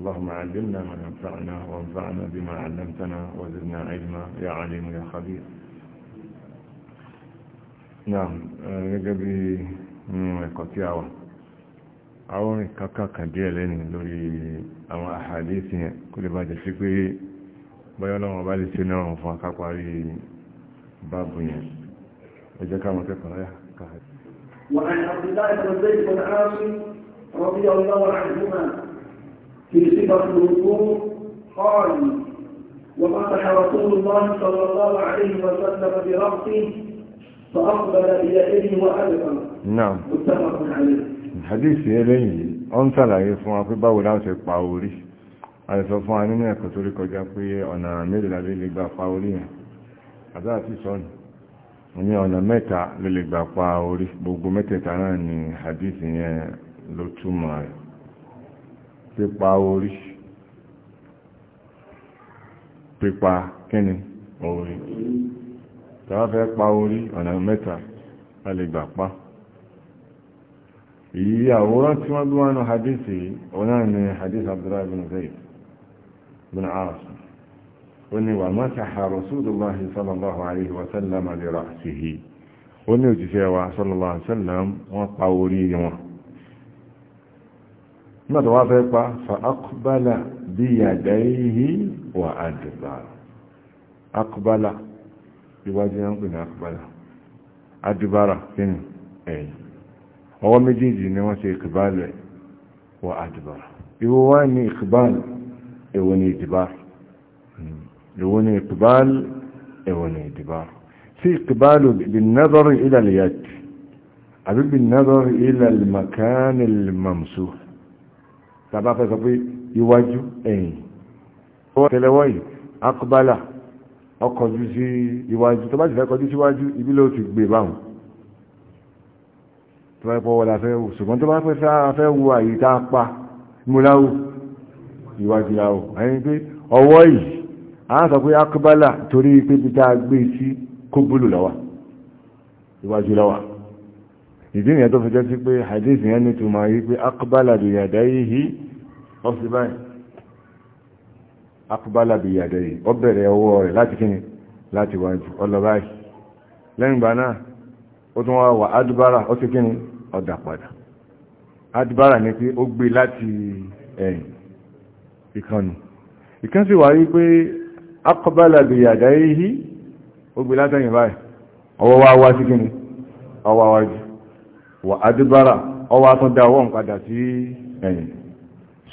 اللهم علمنا ما ينفعنا وانفعنا بما علمتنا وزدنا علما يا عليم يا خبير نعم gẹ́gẹ́ bí nínú ẹ̀kọ́ tí a wà àwọn ìkàkàkà díẹ̀ lẹ́nu lórí àwọn àhàdísì yẹn kó lè bá jẹ́ sí pé bọ́yọ́ lọ́wọ́ bá lè ṣe náà fún akáparí báàbù yẹn ẹjẹ́ káwọn kẹ́kọ̀ọ́ yá káàkiri. wọ́n بصفة الوقوف قال ومسح رسول الله صلى الله عليه وسلم برأسه فأقبل بيده وأدبر نعم متفق عليه الحديث eléyìí ó ń ṣàlàyé fún wa pé báwo la ṣe pa orí a lè sọ fún wa nínú ẹ̀kọ́ tó rí kọjá pé ọ̀nà mélòó lè lè gbà pa orí yẹn àdá àti sọ́nù mo ní ọ̀nà mẹ́ta lè lè gbà pa orí gbogbo mẹ́tẹ̀ẹ̀ta náà ni hadith yẹn ló túmọ̀ rẹ̀ pípa orí pípa kíni orí tàbá fẹ́ pa orí ọ̀nà mẹ́ta a lè gbà pa èyí àwòrán tí wọ́n gbọ́n ní hadithi ọ̀nà ni hadith abdullahi bin zayd bin arasun ó ní wà masaha rasulullahi sallallahu alaihi wasallam lè rà nígbà tó wá fẹ́ pa fa akbala bí yàdáyìí wà àdìbà akbala ìwájú yẹn ń pè ní akbala àdìbára kínú ẹ̀yìn ọwọ́ méjèèjì ni wọ́n ṣe ìkìbálẹ̀ wà àdìbára ìwọ wá ní ìkìbálẹ̀ èwo ni ìkìbálẹ̀ èwo ni ìdìbára sí ìkìbálẹ̀ بالنظر إلى اليد àbí بالنظر إلى المكان الممسوح tàbá fẹ́ sọ pé iwájú ẹ̀yìn ọwọ́ tẹlẹwọ́ yìí akọbálà ọkọjú sí iwájú tó bá ti fẹ́ kọjú síwájú ibi ló ti gbé báwọn tó bá pọ̀ wọlá fẹ́ ṣùgbọ́n tó bá fẹ́ fẹ́ wo àyè tá a pa múláwù iwájú láwù ẹ̀yìn pé ọwọ́ yìí a sọ pé akọbálà torí pé bí tá a gbé sí kóbólù lọ́wà iwájú lọ́wà ìdí ìyẹn tó fi jẹ́ sí pé hadith yẹn ní túnmọ̀ yí pé akbala bi yadayhi ó sì báyìí akbala bi yadayhi ó bẹ̀rẹ̀ ọwọ́ rẹ̀ láti kíni láti wájú ọlọ́báyìí lẹ́yìn ìgbà náà ó tún wá wà adúbára ó sì kíni ọ̀dà padà adúbára ni pé ó gbé láti ẹ̀yìn ìkànnì ìkan wà yí pé akbala ó gbé látẹ̀yìn báyìí ọwọ́ wá wá sí kíni ọwọ́ wájú wà adúbára ọwá tó dá ọwọ́n padà sí ẹ̀yìn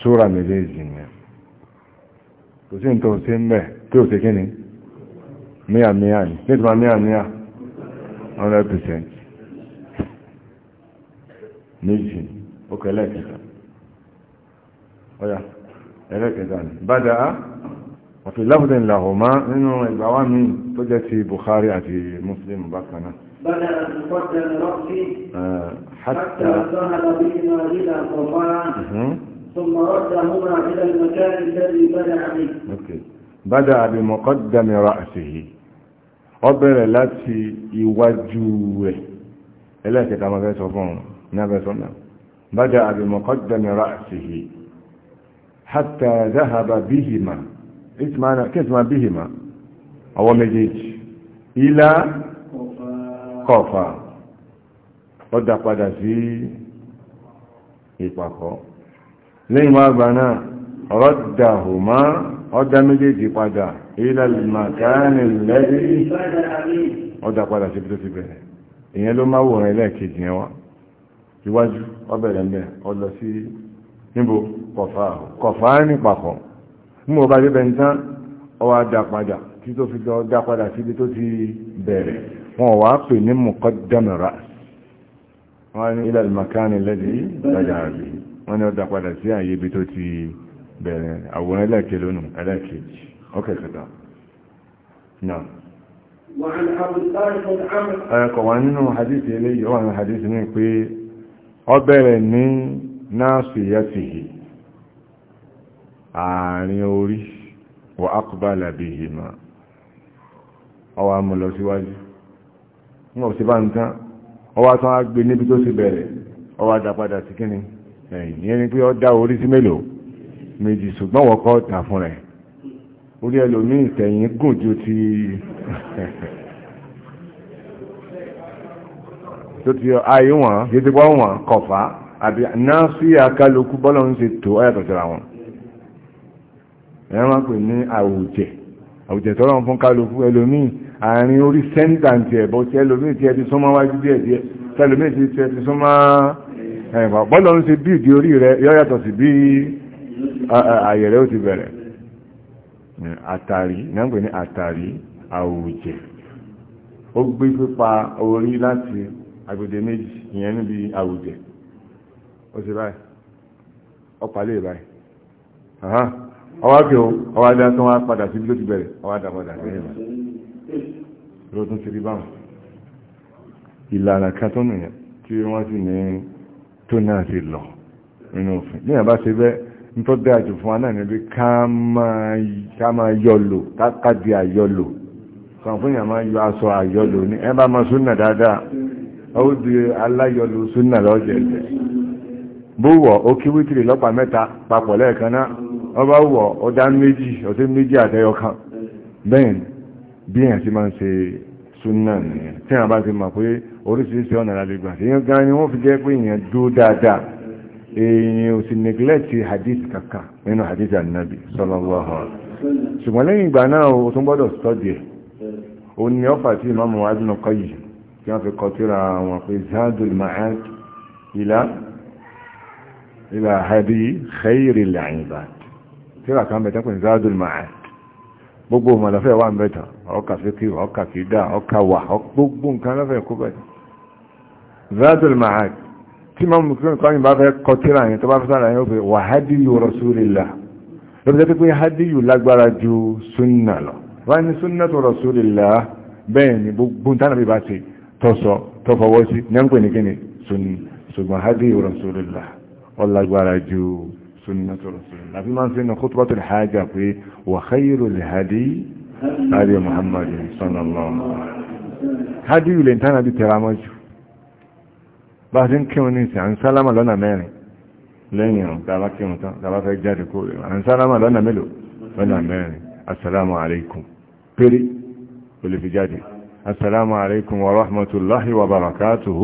ṣúra méjèèjì ni kò sí nǹkan sí mẹ́ tí ó sì kí ni míàmíà ni nítorí míàmíà 100% méjì ó kẹ́lẹ́ kẹta ọ̀yà ẹlẹ́kẹta ni bádá wàfí láfúdẹ̀ ìlàhùn má nínú ìgbàwá mi tó jẹ́ ti Bukhari àti Muslim bákanáà بدأ المقدم رأسي آه، حتى ذهب بهما إلى القربان ثم ردهما إلى المكان الذي بدأ به أوكي. بدأ بمقدم رأسه قبل التي يوجوه إلا كما قلت أظن نبي صلى بدأ بمقدم رأسه حتى ذهب بهما اسمعنا كيف بهما أو مجيج إلى akọ̀fà ó dá padà sí ìpàkọ́ lẹ́yìn wá gbà náà rọ́dà hùmá ó dá méjèèjì padà ilẹ̀ màkánì lẹ́rí ó dá padà sí tó ti bẹ̀rẹ̀ ìyẹn ló máa wòrán ẹlẹ́ẹ̀kejì yẹn wá iwájú ó bẹ̀rẹ̀ mẹ́ ó lọ sí níbo kọ̀fà kọ̀fà ní pàkọ́ mú ọba débẹ̀ ń tán wá dá padà tí tó ti bẹ̀rẹ̀ wọn wà pè ní muqaddam ra's wọ́n ní ila al-makan alladhi bada'a bihi wọ́n ní ó dá padà sí àyè ibi tó ti bẹ̀rẹ̀ àwòrán ẹlẹ́ẹ̀kẹ́ lónù ẹlẹ́ẹ̀kejì ọkẹ̀ kẹta náà ẹ̀kọ̀ wà nínú hadith eléyìí wà nínú hadith ní mú lọ síwájú níwọ̀n sí bá ń tán ọwá tán á gbé níbi tó sì bẹ̀rẹ̀ ọwá dá padà sí kíni ẹ̀yìn yẹn ni pé ọ dá orí sí mélòó méjì ṣùgbọ́n wọ́n kọ́ tà fún rẹ̀ orí ẹlòmíì ìtẹ̀yìn gùn ju ti tó ti ayé wọn yìí ti pọ́ wọn kọ̀fà àbí náà sí àkálukú bọ́lọ̀ ń ṣe tó ọ̀yàtọ̀ síra wọn ẹ̀rọ máa ń pè ní àwùjẹ àwùjẹ tọ́lọ́ fún kálukú ẹlòmíì àárín orí sẹ́ńtàǹtì ẹ̀bọ̀ tí ẹlòmíì tí ẹ ti súnmọ́ wájú díẹ̀ díẹ̀ tí ẹlòmíì tí ẹ ti súnmọ́ ẹ̀bọ̀ bọ́lọ̀ ń ṣe bí ìdí orí rẹ yọ yàtọ̀ sí bí àyẹ̀rẹ́ ó ti bẹ̀rẹ̀ àtàrí náà ń pè ní àtàrí àwòjẹ̀ ó gbé pípa orí láti agbèdè méjì ìyẹn níbi àwòjẹ̀ ó ti báyìí ọ̀pàlẹ̀ báyìí ọwá kí o ọwá dá tó wá padà sí bí ó ti bẹ̀rẹ̀ ọwá dá padà sí ẹ̀yìn báyìí lóòtún ti rí báwọn ìlànà kan tó nìyàn tí wọ́n sì ní tó náà ti lọ nínú òfin ní àbá ṣe bẹ́ ń tó dá jù fún wa náà níbi ká máa yọlò kákàdì àyọlò sàǹfúnyà máa yọ aṣọ àyọlò ní ẹ bá máa súnà dáadáa ó di aláyọlò súnà lọ́jẹ̀ẹ̀jẹ̀ bó wọ̀ ó kí wítìrì lọ́pàá mẹ́ta papọ̀ lẹ́ẹ̀kan náà ọba wọ̀ ọdá méjì ọdún méjì àtẹyọkan bẹ́ẹ̀ ni bí èèyàn ti máa ń ṣe súnà nìyẹn tí àwọn bá ti mọ̀ pé oríṣiríṣi ọ̀nà la lè gbà èèyàn gan ni wọ́n fi jẹ́ pé èèyàn dúró dáadáa èèyàn ò sì neglect hadith kankan nínú hadith anabi sallallahu alaihi wasallam ṣùgbọ́n lẹ́yìn ìgbà náà o tún gbọ́dọ̀ study ẹ̀ o ní ọ̀fà tí ìmáàmù wa dùn kọ́ yìí tí wọ́n fi kọ́ tíra wọn pé zadul ma'ad ila ila hadi khairil ibad tíra kan bẹ̀ tẹ́kùn zadul ma'ad gbogbo mọ̀lọ́fẹ́ wà mẹ́ta ọkà fíkí ọkà kìdá ọkà wà gbogbo nǹkan lọ́fẹ́ kó bẹ̀rẹ̀ zatul ma'ad tí ma mú kí ọkọ̀ bá fẹ́ kọtíra yẹn tó bá fẹ́ sára yẹn ó fẹ́ wà hadiyu rasulillah lọ́pẹ́ tó pé hadiyu lágbára ju sunna lọ wọ́n ní sunna tó rasulillah bẹ́ẹ̀ ni gbogbo nǹkan bí bá ti tọ́sọ tọ́fọwọ́ sí ní ní kíni sunna ṣùgbọ́n hadiyu rasulillah ó lágbára ju سنة رسول الله فيما سنة خطبة الحاجة في وخير الهدي هدي محمد صلى الله عليه وسلم هدي لانتنا ترامج بعد ان كم ننسى عن سلامة لنا ماني لن يوم دعوك يوم دعوك يجاري كوري عن سلامة لنا ملو لنا ماني السلام عليكم قري واللي في جاري السلام عليكم ورحمة الله وبركاته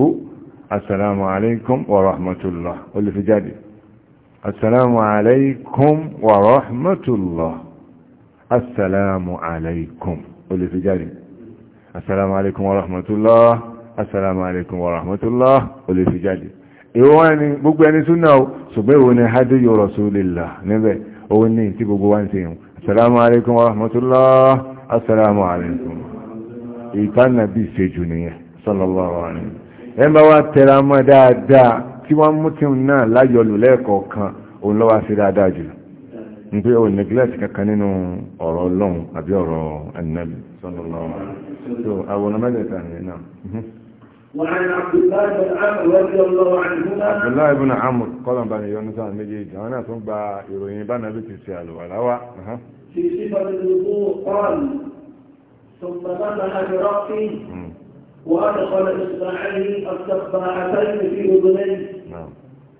السلام عليكم ورحمة الله واللي في جاري السلام عليكم ورحمة الله السلام عليكم قولي في جاري السلام عليكم ورحمة الله السلام عليكم ورحمة الله قولي في جاري ìwọ́ni gbogbo ẹni súnà ó ṣùgbọ́n ìwọ́n ni hadiyu rasulillah níbẹ̀ òun ní tí gbogbo wá ń ṣe yìí assalamu alaikum wa rahmatullah assalamu alaikum ìtànà bí ṣe jù nìyẹn sallallahu alaihi ẹ bá wá tẹra mọ́ dáadáa tí wọ́n mú tí náà láyọlù lẹ́ẹ̀kọ̀ọ̀kan òun lọ́wọ́ sí dáadáa jù ní pé o neglect kankan nínú ọ̀rọ̀ ọlọ́run àbí ọ̀rọ̀ ẹ̀nẹ́bì sallallahu alaihi wasallam وعن عبد الله بن عمرو رضي الله عنهما عبد الله بن عمرو قال بني يونس عن مجيد وانا ثم يروين بنا بتسال والهوى في صفه الوضوء قال ثم مسح براسه وأدخل إصبعيه السباعتين في أذنيه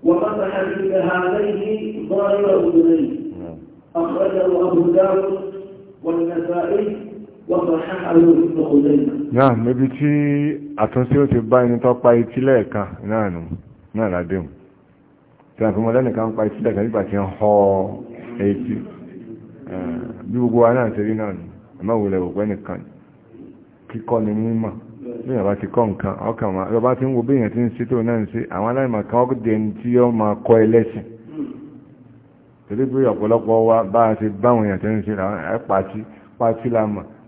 وفتح بهذين ظاهر أذنيه أخرجه أبو داود والنسائي وصححه ابن خزيمة نعم ibi tí àtúnṣe ó ti bá ẹni tó pa etí lẹ́ẹ̀kan náà nù náà ládéhùn tí a fi mọ́ lẹ́nìkan pa etí lẹ́ẹ̀kan nígbà tí ń họ etí bí gbogbo wa náà ṣe rí náà nù ẹ̀mọ́ wulẹ̀ òpẹ́ nìkan kíkọ́ ni mímọ̀ bí yàrá ti kọ́ nǹkan ọkàn máa yọba ti ń wo bí yàn ti ń ṣètò náà ń àwọn aláìmọ̀ kan ó dé tí yọ máa kọ́ ẹlẹ́sìn torí ọ̀pọ̀lọpọ̀ bá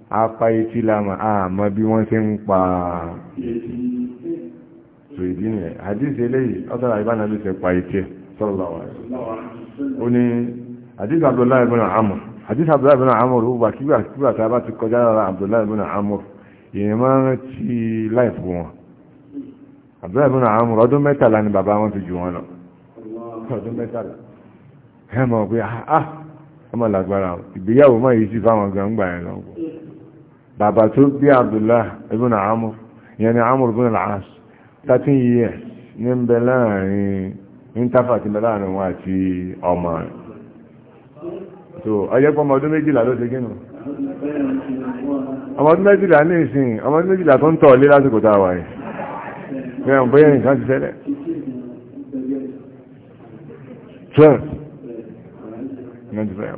a apá etí la àmọ́ bí wọ́n ń pa ètò ìdí nìyẹn eléyìí àyíká náà ló ṣe pa etí ẹ̀ sọ́lọ́ wa ó ní a èèyàn máa ti rántí láìpù wọn àbúrò ìbúnà àwọn ọdún mẹ́tàlá ni bàbá wọn fi jù wọn lọ ọdún mẹ́tàlá ẹ mọ̀ pé ah ọmọ ah, làgbára ìgbéyàwó mọ̀ yìí sí fáwọn gan gbà yẹn lọ́wọ́ bàbá tó bí Abdullah ìbúnà àmọ́ ìyẹn ni ìbúnà 13 years ní ń bẹ láàrin interfax ń bẹ láàrin wọn àti ọmọ rẹ̀ so ọjọ́ pọ́mọ ọdún méjìlá ló gínú ọmọdún méjìlá ní ìsìn ọmọdún méjìlá tó ń tọ̀ lé lásìkò tá a wà yìí mẹ́rin bóyá nìkan ti tẹ́lẹ̀ 12 95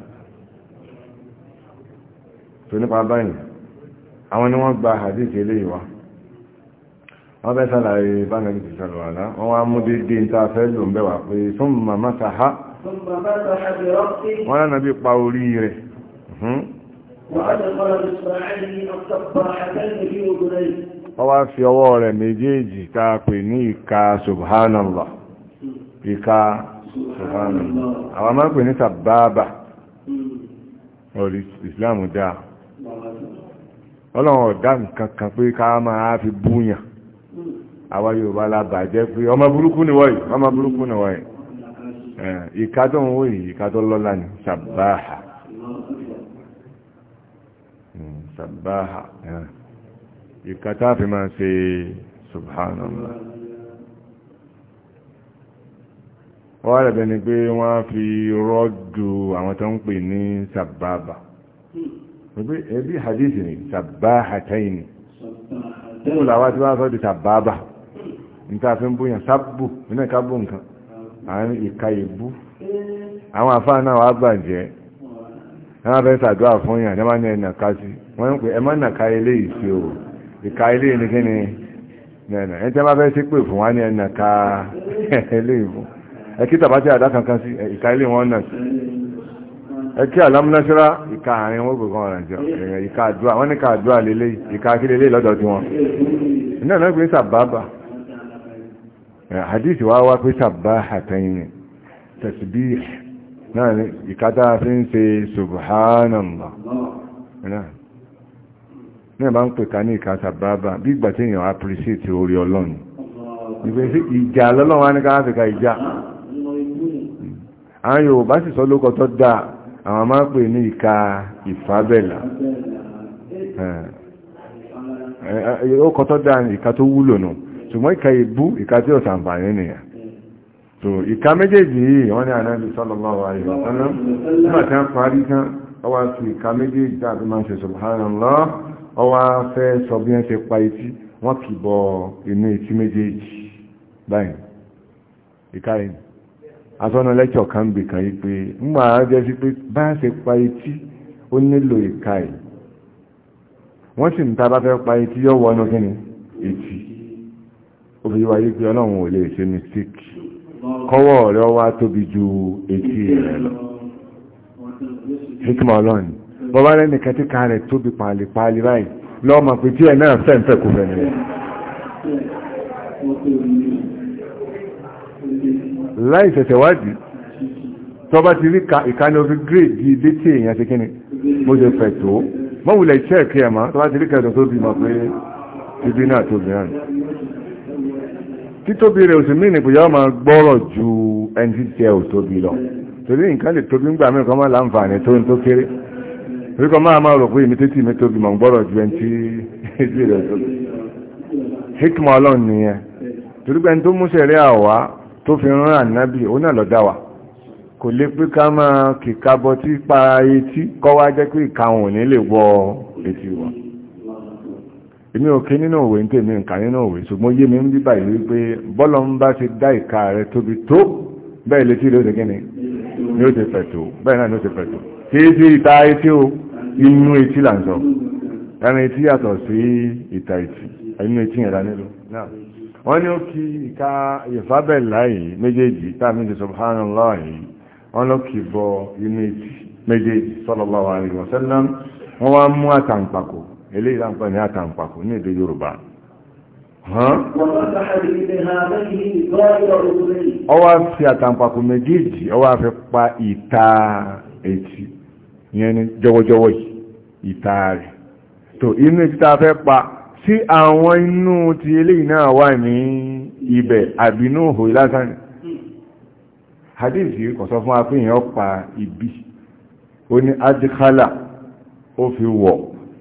tó nípa báyìí àwọn ni wọ́n gba àdíkè lè wá wọ́n fẹ́ sálàrí bánàlì ti sọ̀rọ̀ àlá wọ́n wá mú dédé ìta fẹ́ lò ń bẹ̀wà pé sún màmá sàhá wọ́n lánàá bí pa orí rẹ̀ hmm. وعلق إصبعيه الصباحتين في أذنيه Ọwá fi ọwọ́ rẹ̀ méjèèjì ká pè ní ìka Subhanallah. Ìka Subhanallah. Àwọn máa pè ní Sàbábà. Orí Ìsìláàmù dá. Hmm. Ọlọ́run ọ̀dá nǹkan kan pé ká máa fi búyàn. Hmm. Àwa Yorùbá lábàjẹ́ pé ọmọ burúkú ni wọ́yìí, ọmọ burúkú ni wọ́yìí. Hmm. Ìka tó ń wòyìí, ìka tó lọ́lá ni, Sàbáhà. sàbáhà ìkàtà fi máa ṣe subhanallah wọ́n rẹ̀ bẹni pé wọ́n fi rọ́dù àwọn tó ń pè ní sàbábà ẹbí hadithi ni sàbáhàtẹ́yìn nínú làwá tí wọ́n sọ di sàbábà nǹkan fi ń búyàn sábù nínú ìkábù nǹkan àárín ìka ìbú eh. àwọn àfáà náà wà gbàjẹ́ wọ́n fẹ́ sàdúrà fún yàn ní wọ́n ní ẹ̀nà kásí wọ́n ń pè ẹ má nà ká ilé ìṣe o ìka ilé ní kí ni nẹ̀nà ẹni tí a bá fẹ́ sí pè fún wa ní ẹnà ká ilé ìfún ẹ kí tàbá tí àdá kankan sí ìka ilé wọn nà sí ẹ kí àlámúnáṣírá ìka àárín wọn gbogbo ọ̀ràn jọ ìka àdúrà wọn ní ká àdúrà lélẹ̀ ìka kí lélẹ̀ lọ́dọ̀ tí wọn náà náà pé sàbábà hadith wa wá pé sàbáhàtẹ́yìn tasbih náà ìka tá a fi ń ṣe subhanallah náà bá ń pè ká ní ìka sàbábà bí ìgbà tí èèyàn appreciate orí ọlọ́run ìgbésí ìjà lọ́lọ́run wá ní ká áfíríkà ìjà àwọn yorùbá sì sọ lókọ tó dáa àwọn máa ń pè ní ìka ìfábẹ́là ó kọ́ tó dáa ní ìka tó wúlò nù ṣùgbọ́n ìka ìbú ìka tí ó sàǹfààní nìyàn so ìka méjèèjì yìí wọ́n ní ànábì sallallahu alaihi wasallam nígbà tí wọ́n parí tán ọwọ́ subhanallah ọwá fẹ́ sọ bí wọ́n ṣe pa etí wọ́n kì bọ inú etí méjèèjì báyìí ìkárìn asọ́nà lẹ́kọ̀ọ́ kan gbè kan yí pé ńgbà jẹ́ sí pé bá ṣe pa etí ó nílò ìka ẹ̀ wọ́n sì ń ta bá fẹ́ pa etí yọ́ wọnú kí ni etí ó fi wáyé pé ọlọ́run ò lè ṣe mistake kọ́wọ́ rẹ̀ wá tóbi ju etí rẹ̀ lọ hikma ọlọ́run bọ́bá rẹ̀ nìkan tí kan rẹ̀ tóbi pàlìpàlì ráì lọ́ọ̀mà pé tí ẹ̀ náà fẹ́ǹfẹ́ kò fẹ́ nìyẹn láì ṣẹ̀ṣẹ̀ wádìí tọba ti rí ìkànnì orí grade di ilé tí èèyàn ti kíni mo ṣe fẹ̀ tó mọ́wùlẹ̀ iṣẹ́ ẹ̀kẹ́ ẹ̀mọ́ tọba ti rí kẹ́ẹ̀tọ̀ tó bímọ pé ibi náà tó bìíràn títóbi rẹ̀ òsì mìíràn kò yọ́ máa gbọ́rọ̀ ju ẹni tí tiẹ̀ ò tóbi lọ torí nǹkan lè tóbi ń gbà kan máa láǹfààní tó ń tó kéré torí kan máa máa rò pé ìmítẹ́tì mi tóbi mọ̀ ń gbọ́rọ̀ ju ẹni tí èdè rẹ̀ tó hikma ọlọ́run nìyẹn torí pé ẹni tó múṣẹ̀ rí àwá tó fi rán ànábì ó náà lọ́dá wa kò lè pé ká máa kìka bọ tí pa etí kọ́ wá jẹ́ pé ìkàwọn ò ní lè wọ etí wa èmi ò ké nínú òwe ní tèmi nǹkan nínú òwe ṣùgbọ́n yé mi ń bí báyìí wípé bọ́lọ̀ ń bá ti dá ìka rẹ̀ tóbi tó bẹ́ẹ̀ létí ló ti kíni ni ó ti fẹ̀ tó bẹ́ẹ̀ náà ni ó ti fẹ̀ tó kí é ìta etí o inú etí là ń sọ ẹran etí yàtọ̀ sí ìta etí inú etí yẹn dánilò wọ́n ní ó kí ìka ìfábẹ̀lá yìí méjèèjì tàbí ìjọ subhanallah yìí wọ́n lọ kì bọ inú etí méjèèjì sallallahu alaihi wasallam wọ́n wá mú àtàǹpàkò eléyìí láǹpà ní àtàǹpàkò ní èdè Yorùbá ọwá fi àtàǹpàkò méjèèjì ọwá fi pa ìta etí ìyẹn ni jọwọ́jọwọ́ yìí ìta rẹ̀ tó inú ìtìta fẹ́ pa sí àwọn inú ti eléyìí náà wà ní ibẹ̀ àbínú òhò lásán hadith yìí fún wa pa ibi ó ní adìkálà ó fi wọ̀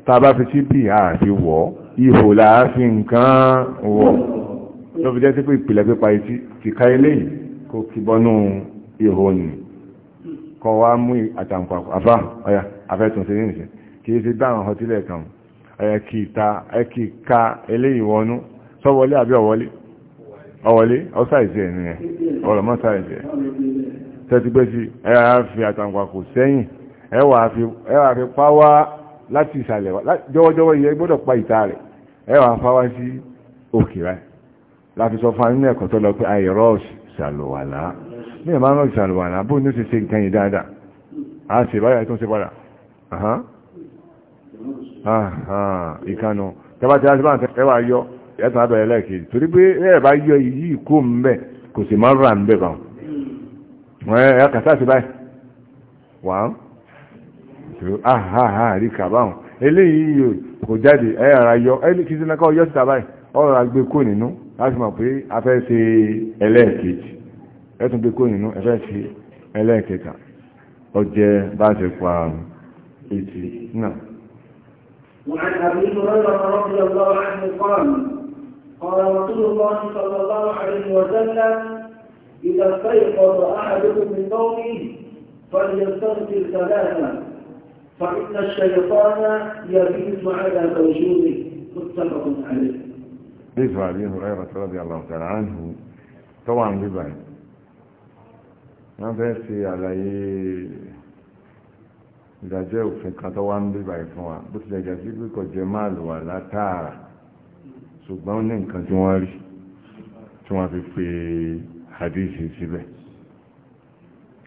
tá a bá fi sí bí àfi wọ̀ ihò láàfin nǹkan wọ̀ tó fi jẹ́ sí pé ìpìlẹ̀ pípa etí ti ká eléyìí kó kíbọ́nú ihò nì kọ wá mú àtàǹkọ̀ àfá ọ̀yà afẹ́tùn sí ní ìṣẹ́ kìí ṣe dáhùn ọ̀họ̀ tílẹ̀ kan ẹ̀kì ka eléyìí wọnú sọ́wọlé àbí ọ̀wọlé ọ̀wọlé ọ́sáìsì ẹ̀ nìyẹn ọ̀rọ̀ mọ́sáìsì ẹ̀ tẹ́tígbé sí ẹ̀yà fi àtàǹkwàkò sẹ́yìn ẹwà fi páwá láti ìsàlẹ̀ wá jọwọ́jọwọ́ yẹ gbọ́dọ̀ pa ìta rẹ̀ ẹwà fáwá sí òkè rẹ̀ láti sọ fún nínú ẹ̀kọ́ tó lọ pé àìrọ́ ìsàlùwàlá ní ìmọ̀ àrùn ìsàlùwàlá bóun ní ó ṣe ṣe ìkànnà tẹ́bá tí a ti bá ń tẹ́wà yọ ẹ̀tàn abẹ̀rẹ̀ lẹ́ẹ̀kejì torí pé ẹ̀ bá yọ yìí kó ń bẹ̀ kò sì máa ń rà ń bẹ̀ bá wọn ẹ̀ kàtà sí báyìí wà á rí kà báwọn eléyìí kò jáde ẹ̀ ara yọ ẹ̀ kí sinaka ọyọ́ síta báyìí ọ̀rọ̀ agbé kó nínú láti mọ̀ pé a fẹ́ ṣe ẹlẹ́ẹ̀kejì ẹ̀ tún gbé kó nínú ẹ fẹ́ ṣe ẹlẹ́ẹ̀kẹta ọjẹ́ bá ṣe pa ètì náà. وعن أبي هريرة رضي الله عنه قال قال رسول الله صلى الله عليه وسلم إذا استيقظ أحدكم من نومه فليستغفر ثلاثة فإن الشيطان يبيت على توجيهه متفق عليه. حديث أبي هريرة رضي الله تعالى عنه طبعا بيبان. ما بيسي عليه ìdájọ́ òfin kan tó wá ń bí báyìí fún wa bó tilẹ̀ jà sí pé kò jẹ máa lò wà látàrà ṣùgbọ́n ó ní nǹkan tí wọ́n rí tí wọ́n fi pe hadisi síbẹ̀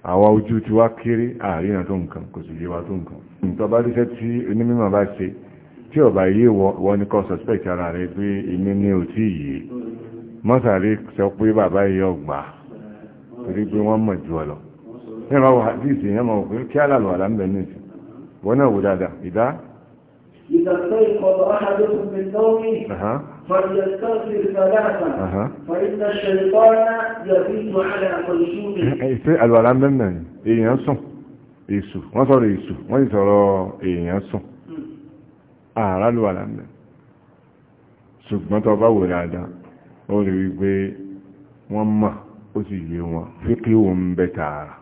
àwa ojú tí wá kéré àárín àtó nǹkan kò sì yé wa tó nǹkan nǹkan bá ríṣẹ́ tí onímọ̀ bá ṣe tí ọ̀bà yé wọ́n ní kọ́ suspect ara rẹ̀ pé èmi ní ò tí yé mọ́sàrí sọ pé bàbá yẹ ọgbà torí pé wọ́n mọ̀ jù ọ lọ. ní ìbáwọ̀ hadisi yẹn mọ̀ pé kí alàlọ́ àlá ń bẹ̀ ní ìsìn wọ́n náà wò dáadáa ìdá ìdàtọ́ أحدكم من نومه فليستغفر ثلاثا فإن الشيطان يبيت على مرشوده ìfẹ́ àlùwàlá mẹ́mẹ́ èèyàn sùn èsù wọ́n sọ̀rọ̀ èsù wọ́n sì sọ̀rọ̀ èèyàn sùn ààrá hmm. lùwàlá mẹ́ ṣùgbọ́n tó bá wò dáadáa ó rí wípé wọ́n mọ̀ ó sì yé wọn fíkí òun bẹ tààrà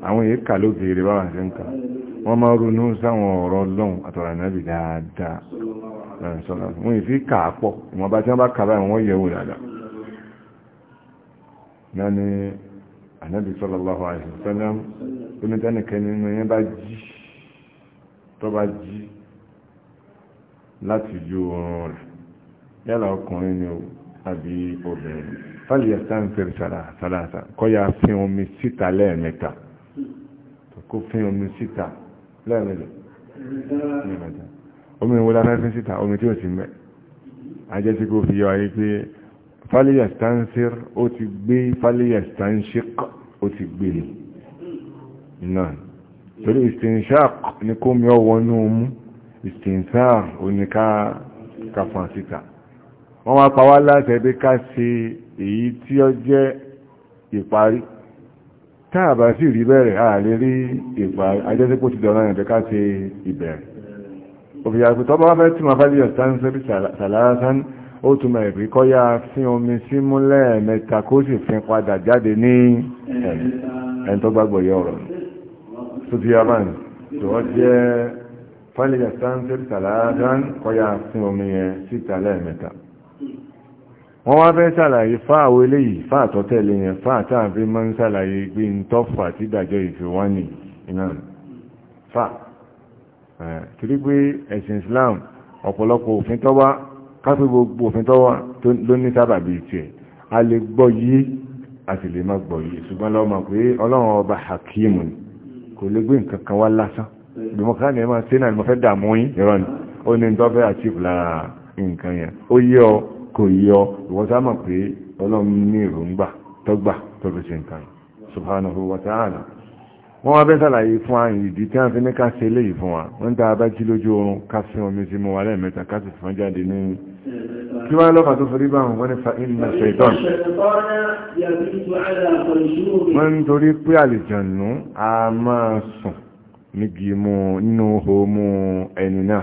àwọn èyí kà ló bèèrè báwọn ṣe ń kà wọ́n máa ronú sáwọn ọ̀rọ̀ ọlọ́run àtọ̀rọ̀ náàbì dáadáa wọ́n ìfi kà á pọ̀ ìwọ̀nba tí wọ́n bá kà báyìí wọ́n yẹ̀ wò dáadáa náà ni ànábì sallallahu alaihi wasallam onítẹ́nìkẹ́ni inú yẹn bá jí tó bá jí láti ju oorun rẹ̀ yálà ọkùnrin ni o àbí obìnrin fáliyà sáǹfẹ̀rẹ̀ sàlàsà kọ́ ya fi omi síta lẹ́ẹ̀mẹ́ta kò fi omi síta lẹ́ẹ̀mẹ́lẹ̀ omi ìwọ́lá náà fi síta omi tí ó sì mẹ́ ajẹ́ tí kò fi yọ ayé pé fàlíyà stansir ó ti gbé fàlíyà stanshik ó ti gbé náà torí istinshak ní kó mi ọwọ́ ní omú istinsar oníká kàfàn síta wọ́n wá pa wá láti ẹbí ká sí èyí tí ó jẹ́ ìparí táàbà sí rí bẹ̀rẹ̀ ààrẹ rí ìpa ajẹ́sípò ti dọ̀rọ̀ ìrìn ká ṣe ìbẹ̀rẹ̀ òfìyà pé tọ́bọ̀ wá fẹ́ tí ma fàájì ọ̀sán sẹ́bí sàlárásán ó túnmọ̀ ìpín kọ́yá fín omi sí múlẹ̀ mẹ́ta kó sì fi padà jáde ní ẹni tó gbàgbọ́ yẹ ọ̀rọ̀ tó ti yára ní tó wọ́n jẹ́ fàájì ọ̀sán sẹ́bí sàlárásán kọ́yá fín omi yẹn síta lẹ́ẹ̀mẹ́ta wọ́n wá fẹ́ ṣàlàyé fáà wo eléyìí fáà tọ́tẹ̀lé yẹn fáà táà fi máa ń ṣàlàyé pé ń tọ́fà tí ìdájọ́ ìfìwánì iná fáà torí pé ẹ̀sìn Islam ọ̀pọ̀lọpọ̀ òfin tọ́wá kápẹ́ gbogbo òfin tọ́wá ló ní sábàbí tiẹ̀ a lè gbọ́ yí a sì lè má gbọ́ yí ṣùgbọ́n lọ́mọ pé ọlọ́run ọba hakim ni kò lè gbé nǹkan kan wá lásán dèmọ́kánì ẹ̀ máa ṣe náà ni mo fẹ́ dààmú yín ìrọ̀ ni ó ní ń tọ́fẹ́ àtìkù lára nǹkan yẹn ó yé ọ kò yọ ìwọ́n sá mọ̀ pé ọlọ́run ní èròǹgbà tọ́gbà tó fi ṣe nǹkan subhanahu wa ta'ala wọ́n wá bẹ́ sàlàyé fún àyìn ìdí tí a fi ní ká ṣe léyìí fún wa wọ́n tàà bá jí lójú oorun ká sí omi sí mú wa lẹ́ẹ̀mẹ́ta ká sì fún jáde ní kí wá lọ́pàá tó forí bá wọ́n ní fa iná ṣẹ̀tọ́n wọ́n ń torí pé àlìjànú a máa sùn níbi mú nínú homo ẹni náà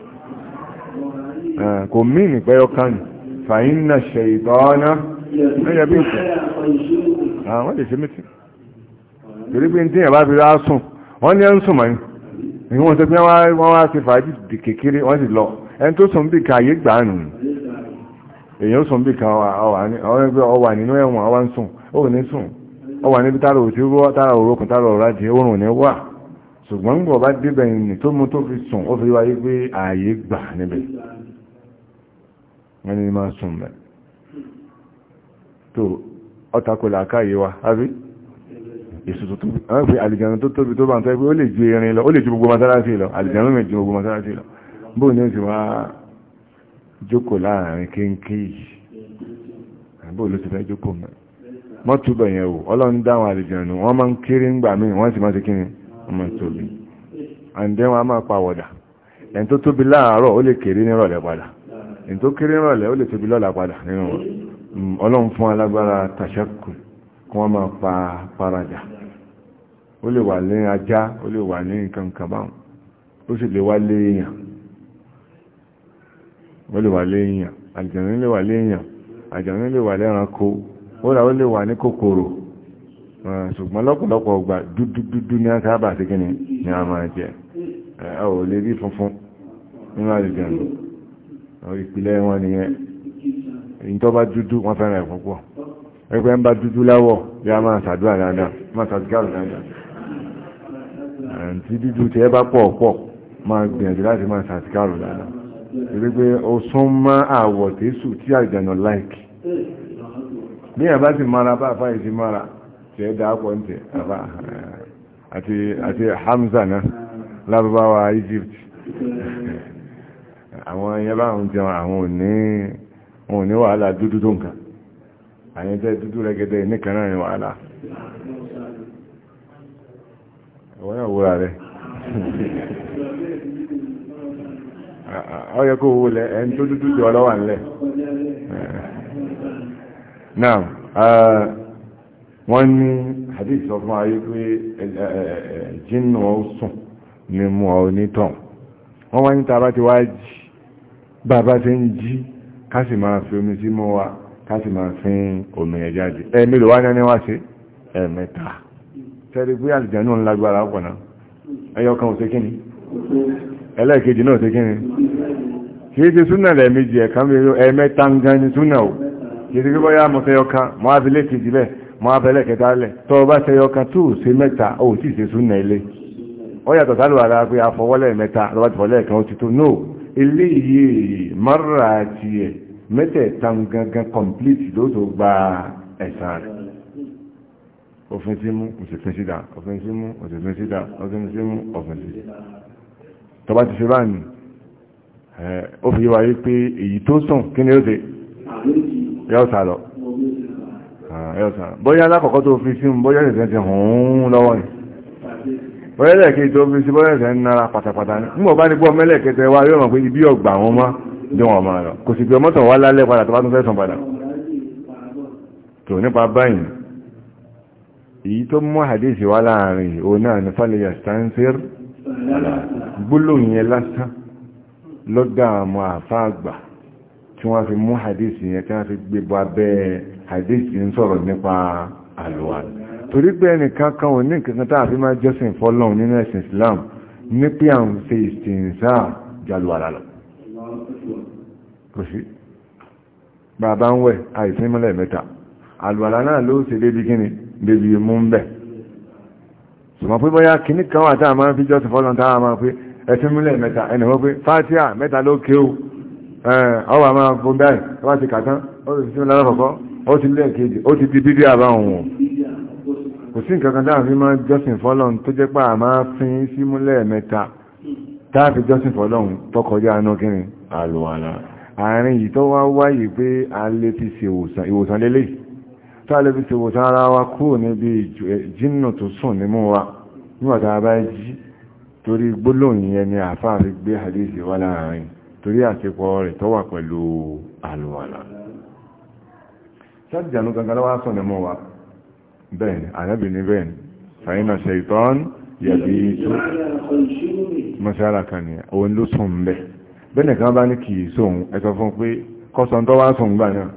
Eh, kò mí ní pẹ́ ọkàn ní fàyínà ṣe ìtọ́ọ́nà lẹ́yìn bí nǹkan àwọn lè ṣe mítì torí pé tí yàrá fi rá sùn wọ́n ní ẹ̀ ń sùn mọ́ ni wọ́n tó pé wọ́n wá sí fàájì kékeré wọ́n sì lọ ẹni tó sùn bí ká yé gbà nù èèyàn sùn bí ká ọwà nínú ẹ̀wọ̀n ọwà ń sùn ó ní sùn ọwà níbi tára òtí rọ́ tára òrókùn tára ọ̀rá di oorun ní wà ṣùgbọ́n gbọ̀ bá débẹ̀ ní tó mú tó fi sùn ó fi wáyé pé ààyè gbà níbẹ̀ wọ́n ni máa sùn mẹ́ tó ọtakọlà àkáyé wa àbí èsù tó tóbi àwọn ìpé àlìjànú tó tóbi tó bá ń tọ́ pé ó lè ju erin lọ ó lè ju gbogbo masáráṣí lọ àlìjànú mẹ́ ju gbogbo masáráṣí lọ bó ní oṣù wá jókòó láàrin kéńké yìí bó ló ti fẹ́ jókòó mẹ́ mọ́túbọ̀ yẹn wò ọlọ́run dáwọn àlìjànú wọ́n máa ń kéré ń gbà míì wọ́n sì máa ti kíni wọ́n máa tóbi àǹdẹ́wọ̀n á máa pàwọ̀dà ẹni tó tóbi láàárọ̀ ó lè kéré nírọ̀lẹ́ padà tó kéré rọ̀lẹ́ ó lè tóbi lọ́la padà nínú mm, ọlọ́run fún alágbára tàṣẹ́kù kí wọ́n máa pa parajà ó lè wà ní ajá ó lè wà ní nǹkan kan báwọn ó sì lè wá lé èèyàn ó lè wà lé èèyàn àjẹ̀rin lè wà lé èèyàn àjẹ̀rin lè wà lẹ́ranko ó rà ó lè wà ní kòkòrò ṣùgbọ́n lọ́pọ̀lọpọ̀ ọgbà dúdúdúdú ní àkábà sí kíni ni a máa jẹ ẹ̀ ò lè rí funfun nínú àjẹ̀rin ìpìlẹ̀ wọn nìyẹn èyí tó bá dúdú wọ́n fẹ́ràn ẹ̀ púpọ̀ ẹgbẹ́ ń bá dúdú láwọ̀ bí a máa ṣàdúrà dáadáa máa ṣàdúrà dáadáa àti dúdú tí ẹ bá pọ̀ pọ̀ máa gbìyànjú láti máa ṣàdúrà dáadáa torí pé ó sún mọ́ àwọ̀ tẹ́sù tí àjànà láìkì bí ẹ̀ bá sì mara bá àfáà ìsì mara tí ẹ dáàpọ̀ ń tẹ̀ àti Hamza náà lárúbáwá Egypt àwọn ẹyẹ báwọn ti wọn àwọn òní wọn òní wàhálà dúdú tó nǹkan àyẹn tẹ́ dúdú rẹ̀gẹ̀dẹ̀ nìkan náà ní wàhálà ìwọ́n náà wúra rẹ̀ ọyẹ kó wo lẹ ẹni tó dúdú jọ lọ́wà ńlẹ̀ náà wọ́n ní hadith sọ fún ayé pé jínú ọ sùn ní mú ọ nítàn wọ́n wá ní tàbá ti wá jí bàbá ṣe ń jí ká máa fi omi sí mọ́ wa ká sì máa fi omi ẹ̀ jáde ẹ̀mí ló wá ní ẹni wá ṣe ẹ̀mẹ́ta tẹ́lẹ̀ pé àlìjẹ́ náà ń lágbára ọ̀pọ̀ náà ẹyọ kan ò ṣe kíni ẹlẹ́ẹ̀kejì náà ò ṣe kíni kìí ṣe súnà lẹ́ẹ̀mejì ẹ̀ka ẹ̀mẹ́ta ń gan ni súnà o kìí ṣe pé bọ́yá mo fẹ́ ọkàn mo á fi lẹ́ẹ̀kejì lẹ̀ mo á fẹ́ lẹ̀ tọ́ ọ bá ṣe ọkàn tó ṣe mẹ́ta ò sì ṣe súnà ilé ọ yàtọ̀ sálùwàlá pé afọwọ́lẹ̀ mẹ́ta lọ́wọ́ ti fọ́lẹ̀ kan ó ti tó nóò eléyìí èyí mọ́rà àti ẹ̀ mẹ́tẹ̀ẹ̀ta gangan complete ló tó gba ẹ̀san rẹ̀ òfin sí mú òṣèfin sídà òfin sí mú òṣèfin sídà òfin sí mú òfin sí tọba ti ṣe báyìí ó fi wá yí pé èyí tó sùn kí ni ó ṣe yóò sá ọ̀rẹ́lẹ̀kẹ́ tó fi sí bọ́lẹ̀sẹ̀ ń nara pátápátá ní mọ̀ bá ní gbọ́ mẹ́lẹ̀kẹ́tẹ́ wá yóò mọ̀ pé ibi ọgbà wọn mọ́ dé wọn máa lọ kò sì pé mọ́tàn wá lálẹ́ padà tó bá tún fẹ́ sàn padà tó nípa báyìí èyí tó mú àdéṣe wá láàrin òun náà ní fàlẹ́yà stansir gbólóhùn yẹn lásán lọ́dà àwọn àfá àgbà tí wọ́n fi mú àdéṣe yẹn tí wọ́n fi gbé bọ́ abẹ́ àdéṣe ń sọ̀rọ̀ nípa àlùwàlù torí pé ẹnìkan kan ò ní nǹkan tá a fi máa jọ́sìn fọ́lọ́run nínú ẹ̀sìn Islam ní pé à ń ṣe ìsìnṣà jàlù ara lọ kò sí bàbá ń wẹ̀ àìsín mọ́lẹ̀ mẹ́ta àlùwàlá náà ló ṣe débi kíni débi mú ń bẹ̀ ṣùgbọ́n pé bóyá kíní kan wà táà máa fi jọ́sìn fọ́lọ́run táà máa pé ẹ̀sìn mọ́lẹ̀ mẹ́ta ẹnì wọ́n pé fátíà mẹ́ta ló ké o ọwọ́ àmà gbọ́ndà ẹ̀ wá ti kà tán ó ti sí mi kò sí nǹkan kan dáàfin máa jọ́sìn fọ́lọ́run tó jẹ́ pà máa fín sí múlẹ̀ mẹ́ta táàfin jọ́sìn fọ́lọ́run tọkọjá anú kírin àlùwàlà àárín yìí tó wá wáyé pé a lè fi ṣe ìwòsàn lélẹ̀ tó a lè fi ṣe ìwòsàn ara wa kúrò níbi jìnnà eh, tó sùn nímú wa níwàtà bá jí torí gbólóhùn yẹn ni àfáà fi gbé hadisi wá láàrin torí àṣepọ̀ rẹ̀ tó wà pẹ̀lú àlùwàlà sáàjì ànú gangan lọ́wọ́ bẹ́ẹ̀ni ànábì ní ni òun ló sùn bẹ́ bẹ́ẹ̀ni kan bá ní kì í sóhun ẹ sọ fún pé kọ́sàn tó wá sùn gbà náà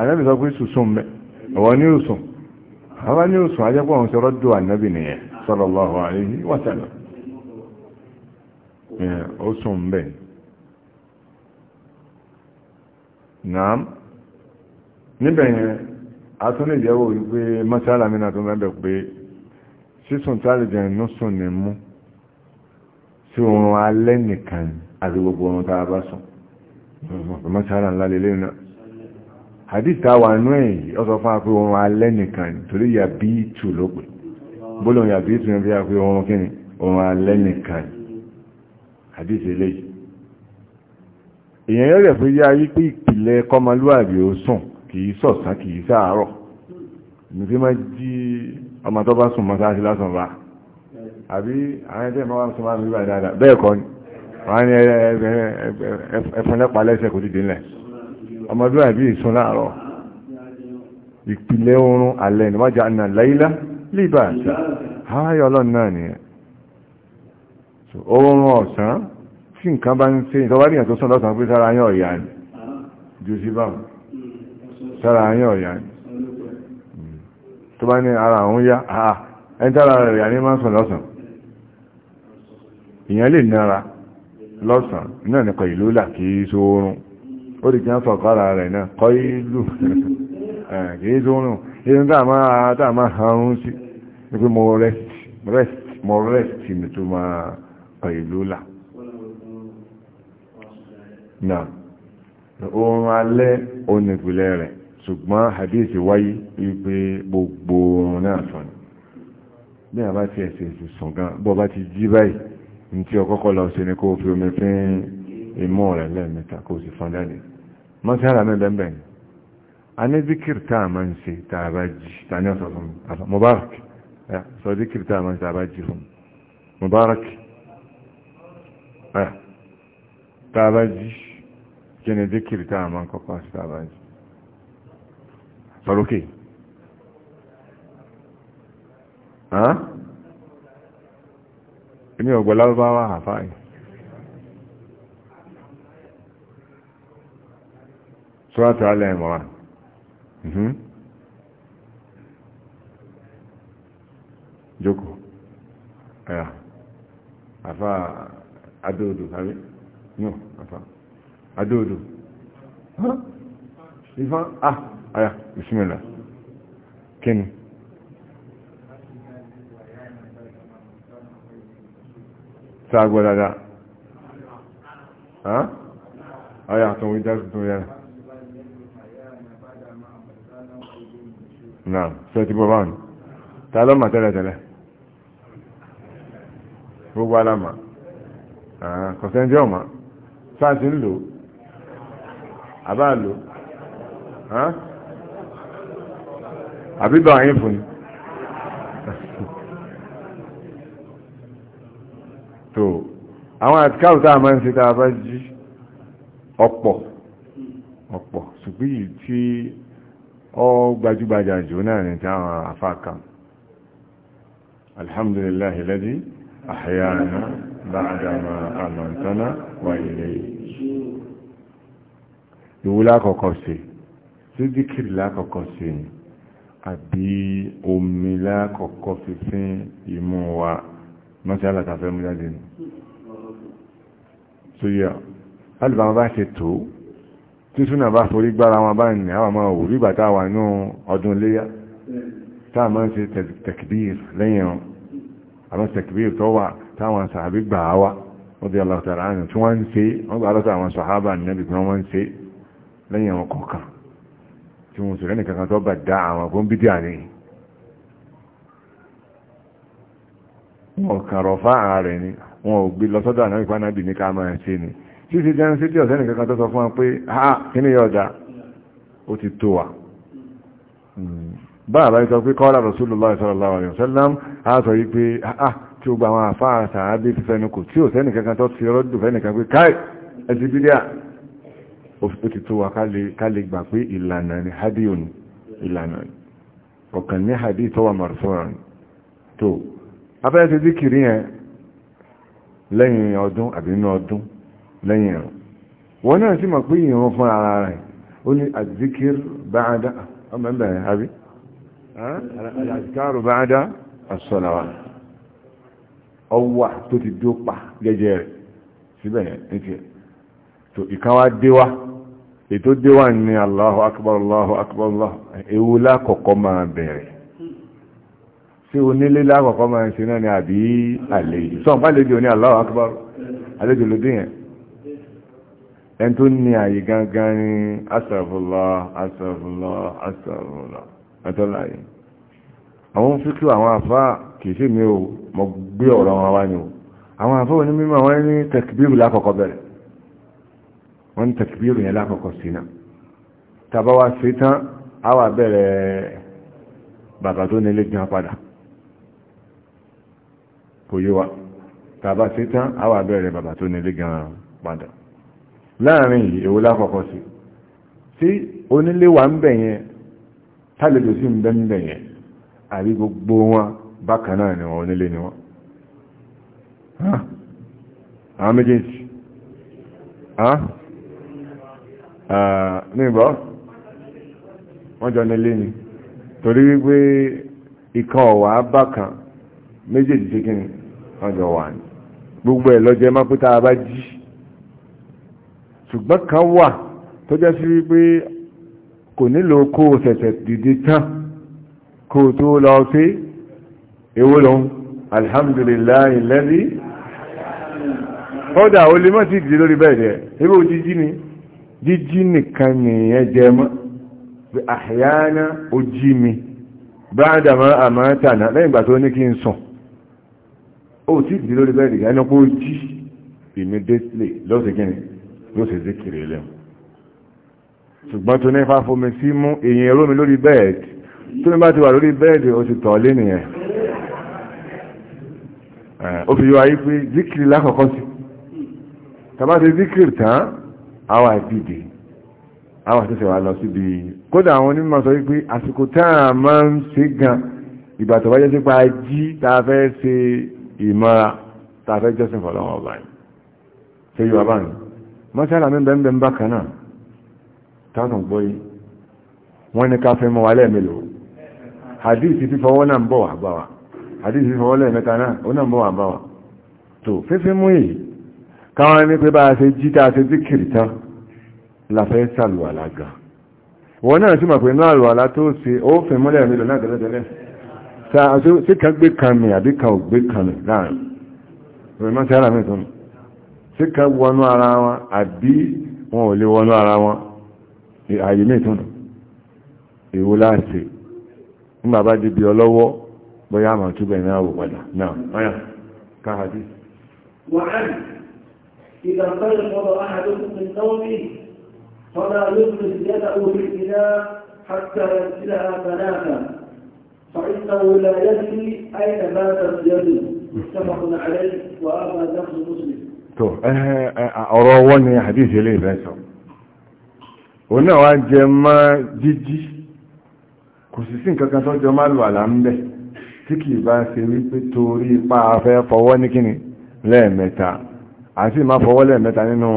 ànábì sọ pé sùn sun ọ̀wọ́ ní òsùn àwọn ní òsùn ajẹ́pọ̀ òun ṣe na. ànábì nìyẹn sallallahu alaihi wa sallam ó naam a tún lè jẹ́wọ́ wípé mọ́sálà mìíràn tó mẹ́bẹ̀ pé sísùn tálìjẹ̀ inú sùn ní mú sí oorun alẹ́ nìkan àti gbogbo oorun tá bá sùn mọ́sálà ńlá lè lẹ́yìn náà àdìta wà nú èyí ọ sọ fún wa pé oorun alẹ́ nìkan torí yàbí ìtù ló pè bólóhùn yàbí ìtù ní fi hàn pé oorun kíni oorun alẹ́ nìkan àdìsí eléyìí èèyàn yọ̀rẹ̀ fún yá yí pé ìpìlẹ̀ kọmọlúwàbí ó sùn kìí sọ̀sán kìí sáàárọ̀ nìfí máa jí ọmọ tó bá sùn mọ́sáàsì lásán bá àbí àwọn ẹgbẹ́ máa sọ máa ń rí báyìí dáadáa bẹ́ẹ̀ kọ́ ni wọ́n á ní ẹfun lẹ́pàá lẹ́sẹ̀ kò dìde nílẹ̀ ọmọdún àbí ìsun láàárọ̀ ìpìlẹ̀ oorun alẹ́ ni wọ́n jẹ́ àná láyílá líbà àṣà háyà ọlọ́run náà nìyẹn oorun ọ̀sán tí nǹkan bá ń ṣe ìtọ́wádìyàn tó sàn lọ́sàn pé sára yán ọ̀yà ni jù sí báwọn sára ayán ọ̀yà ni tó bá ní ara àwọn yá àà ẹni tára rẹ̀ ni ní máa ń sùn lọ́sàn ìyẹn lè nára lọ́sàn náà nípa ìlú là kì í sóorun ó di kí wọ́n sọ̀kọ́ ara rẹ̀ náà kọ́ ìlú kì í sóorun èyí tá máa tá máa harun sí wípé mo rest rest mo rest mi tó máa kọ ìlú là náà oorun alẹ́ onípìlẹ̀ rẹ̀ ṣùgbọ́n hadithi wáyé wípé gbogbo ọ̀run náà sọ̀nà bí a bá ti ẹ̀sẹ̀ ẹ̀sẹ̀ sùn gan bọ́ bá ti jí báyìí ní tí ọkọ́kọ́ lọ sí ni kó fi omi fín imú rẹ̀ lẹ́ẹ̀mẹ́ta kó sì fọ́n dání mọ́sára mi bẹ́ẹ̀ ni a ní zikir tá a máa ń ṣe tá a bá jí ta ní ọ̀sọ̀ fún mubarak sọ zikir tá a máa ń ṣe tá a bá jí fún mubarak tá a bá jí kí ni zikir tá a máa ń kọ́kọ́ ṣe tá a bá jí faroke ní ọ̀gbọ̀ lárúbáwá àfáì sọ́rọ̀tà alẹ́ ìmọ̀ràn jókòó ẹ̀yà àfá ah aya bismillah kíni sáàgbọ́ dada aya tó wí dájú tó yára náà sọ ti bọ́ báwọn ta lọ mà tẹ́lẹ̀ tẹ́lẹ̀ gbogbo alama kọ̀sẹ́njẹ́ ọ̀ma sáà ti ń lò àbá lò àbí bá yín fún ni tó àwọn àtikáwù tá a máa ń ṣe tá a bá jí ọ̀pọ̀ ọ̀pọ̀ ṣùgbọ́n yìí tí ọ gbajúgbajà jù náà ní tí àwọn àfá kan alhamdulillahi ladi ahyana ba'dama amantana wa ilayhi ìwúlá kọ̀kọ̀ sí tí díkìrì lákọ̀kọ̀ sí ni àbí omi lákọ̀ọ́kọ́ fi fín imú wa mọ́sí alátàfẹ́ mú jáde nù tó yẹ alùbá wọn bá ṣe tó tí súnà bá forí gbára wọn bá ní àwọn ọmọ òwúrí bàtà wà ní ọdún léyà táà máa ń ṣe tẹ̀kìbíir lẹ́yìn wọn àwọn tẹ̀kìbíir tó wà táwọn sàábí gbà á wá wọ́n di aláwọ̀ tààrà tí wọ́n ń ṣe wọ́n gbà lọ́tọ̀ àwọn sàhábà nẹ́bì pé wọ́n ń ṣe lẹ́yìn wọn kọ̀ọ̀kan tí wọ́n sọ̀rọ̀ kan tó bá dá àwọn kó ń bí díà ní wọ́n kàn rọ̀ fáà rẹ̀ ni wọ́n ò gbé lọ́sọ́dọ̀ àná ìpánábì ní ká máa ṣe ni títí jẹ́ sí tí ọ̀sẹ́ nìkankan tó sọ fún wa pé ha kí ni yọ̀ọ̀dá ó ti tó wa hmm. báà bá sọ pé kọ́lá Rasulullah sallallahu alaihi wasallam á sọ yí pé ha tí ó gba àwọn àfáà sàábì fẹ́nu kò tí ọ̀sẹ́ nìkankan tó ti rọ́dù fẹ́nìkan pé káì ẹ̀sìn ó ti tó wa ká lè gbà pé ìlànà ni hadi òní ìlànà ni ọ̀kan ní hadi tó wà marfu'an tó afẹ́rẹ́ ti díkìrí yẹn lẹ́yìn ọdún àbí inú ọdún lẹ́yìn ẹ̀rùn wọ́n náà sì mọ̀ pé ìrún fún ara rẹ̀ ó ní àdíkìr báadá ọmọ ẹ̀bẹ̀rẹ̀ tó ìkáwá déwá ètò déwà ní Allahu akbar Allahu akbar Allahu ewu lákọ̀ọ́kọ́ máa bẹ̀rẹ̀ sí onílé lákọ̀ọ́kọ́ máa ṣe náà ni àbí àlejò sọ́n bá lèdè oní Allahu akbar àlejò lòdì yẹn ẹn tó ní àyè gangan ní asàfùlọ́ asàfùlọ́ asàfùlọ́ ẹ̀tọ́láyé àwọn fíkú àwọn àfá kìí sí mi ò mọ̀ gbé ọ̀rọ̀ wọn wá wọ́n tẹ̀kìbírù yẹn lákọ̀ọ́kọ́ sí náà tàbá wá sí tán a wà bẹ̀rẹ̀ bàbá tó nílé gan padà kò yíwa tàbá sí tán a wà bẹ̀rẹ̀ bàbá tó nílé gan padà láàrin yìí èwo lákọ̀ọ́kọ́ sí tí onílé wà ń bẹ̀ yẹn tálejò sí ń bẹ́ ń bẹ̀ yẹn àbí gbogbo wọn bákan náà ni wọn onílé ni wọn àwọn méjèèjì níbọ̀ wọ́n jọ nílé ni torí wípé ìkan ọ̀wà bákan méjèèjì ṣe kíni wọ́n jọ wà ní gbogbo ẹ̀ lọ́jẹ́ má pé tá bá jí ṣùgbọ́n kan wà tó jẹ́ sí wípé kò nílò kó o ṣẹ̀ṣẹ̀ dìde tán kó o tó lọ sí ewó lòun alhamdulillahi lẹ́rí kódà o lè mọ́ sí ìdílé lórí bẹ́ẹ̀ jẹ́ ebí o ti jí ni jíjí nìkan nìyẹn jẹ mọ́ bí àhíyáná ó jí mi báadàmọ́ àmọ́tànà lẹ́yìn ìgbà tó ní kí n sùn ó tí ìdí lórí bẹ́ẹ̀dì ẹni pé ó jí immediately lọ́sẹ̀ gẹ́ni yóò sì zíkiri lẹ́mù ṣùgbọ́n tó ní fa fomi sí mú èyàn rómi lórí bẹ́ẹ̀dì tó ní bá ti wà lórí bẹ́ẹ̀dì ó ti tọ̀ lé nìyẹn ó fi yọ ayé pé zíkiri lákọ̀ọ́kọ́ sí tàbá ti zíkiri tán àwọn àìdìdè àwọn àtúnṣe wà lọ síbi kódà àwọn onímọ̀ sọ wípé àsìkò tá a máa ń ṣe gan ìgbà jẹ́ sípa jí tá a fẹ́ ṣe ìmọ̀ra tá a fẹ́ jọ́sìn fọlọ́wọ́ ọba yìí ṣe yóò bá ní mọ́ṣálà mi bẹ́ẹ̀ bẹ́ẹ̀ bákan náà táwọn gbọ́ yìí wọ́n ní ká fẹ́ mọ́ wa lẹ́ẹ̀mẹ́lòó hadith fífọwọ́ náà ń bọ̀ wà bá wa hadith fífọwọ́ lẹ́ẹ̀mẹ́ta náà ó náà ń bọ̀ wà bá wa tó fífí mú yìí káwọn ní pé bá a ṣe jí tá a ṣe díkìrì tán la fẹ́ sàlùwàlá gan wọn náà sí mọ̀ pé náà lùwàlá tó ṣe ó fẹ́ mọ́lẹ̀ mi lọ náà tẹ́lẹ̀tẹ́lẹ̀ sí kan gbé kan mi àbí kan ò gbé kan mi láàrin rẹ̀ mọ́ sí ara mi tún sí kan wọnú إذا استيقظ أحدكم من نومه فلا يدرك يده في الإناء حتى يغسلها ثلاثا فإنه لا يدري أين ماتت يده متفق عليه وأبى نفس مسلم. ọ̀rọ̀ ọwọ́ ni àdíṣe ilé ìfẹ́ sọ òun náà wá jẹ mọ́ jíjí kò sì sí nǹkan kan tó jọ máa lù àlà ń bẹ̀ tí kì í bá ṣe wípé torí ipá afẹ́ fọwọ́ ní kíni lẹ́ẹ̀mẹ́ta àti ìmá fọwọ́lẹ̀ mẹ́ta nínú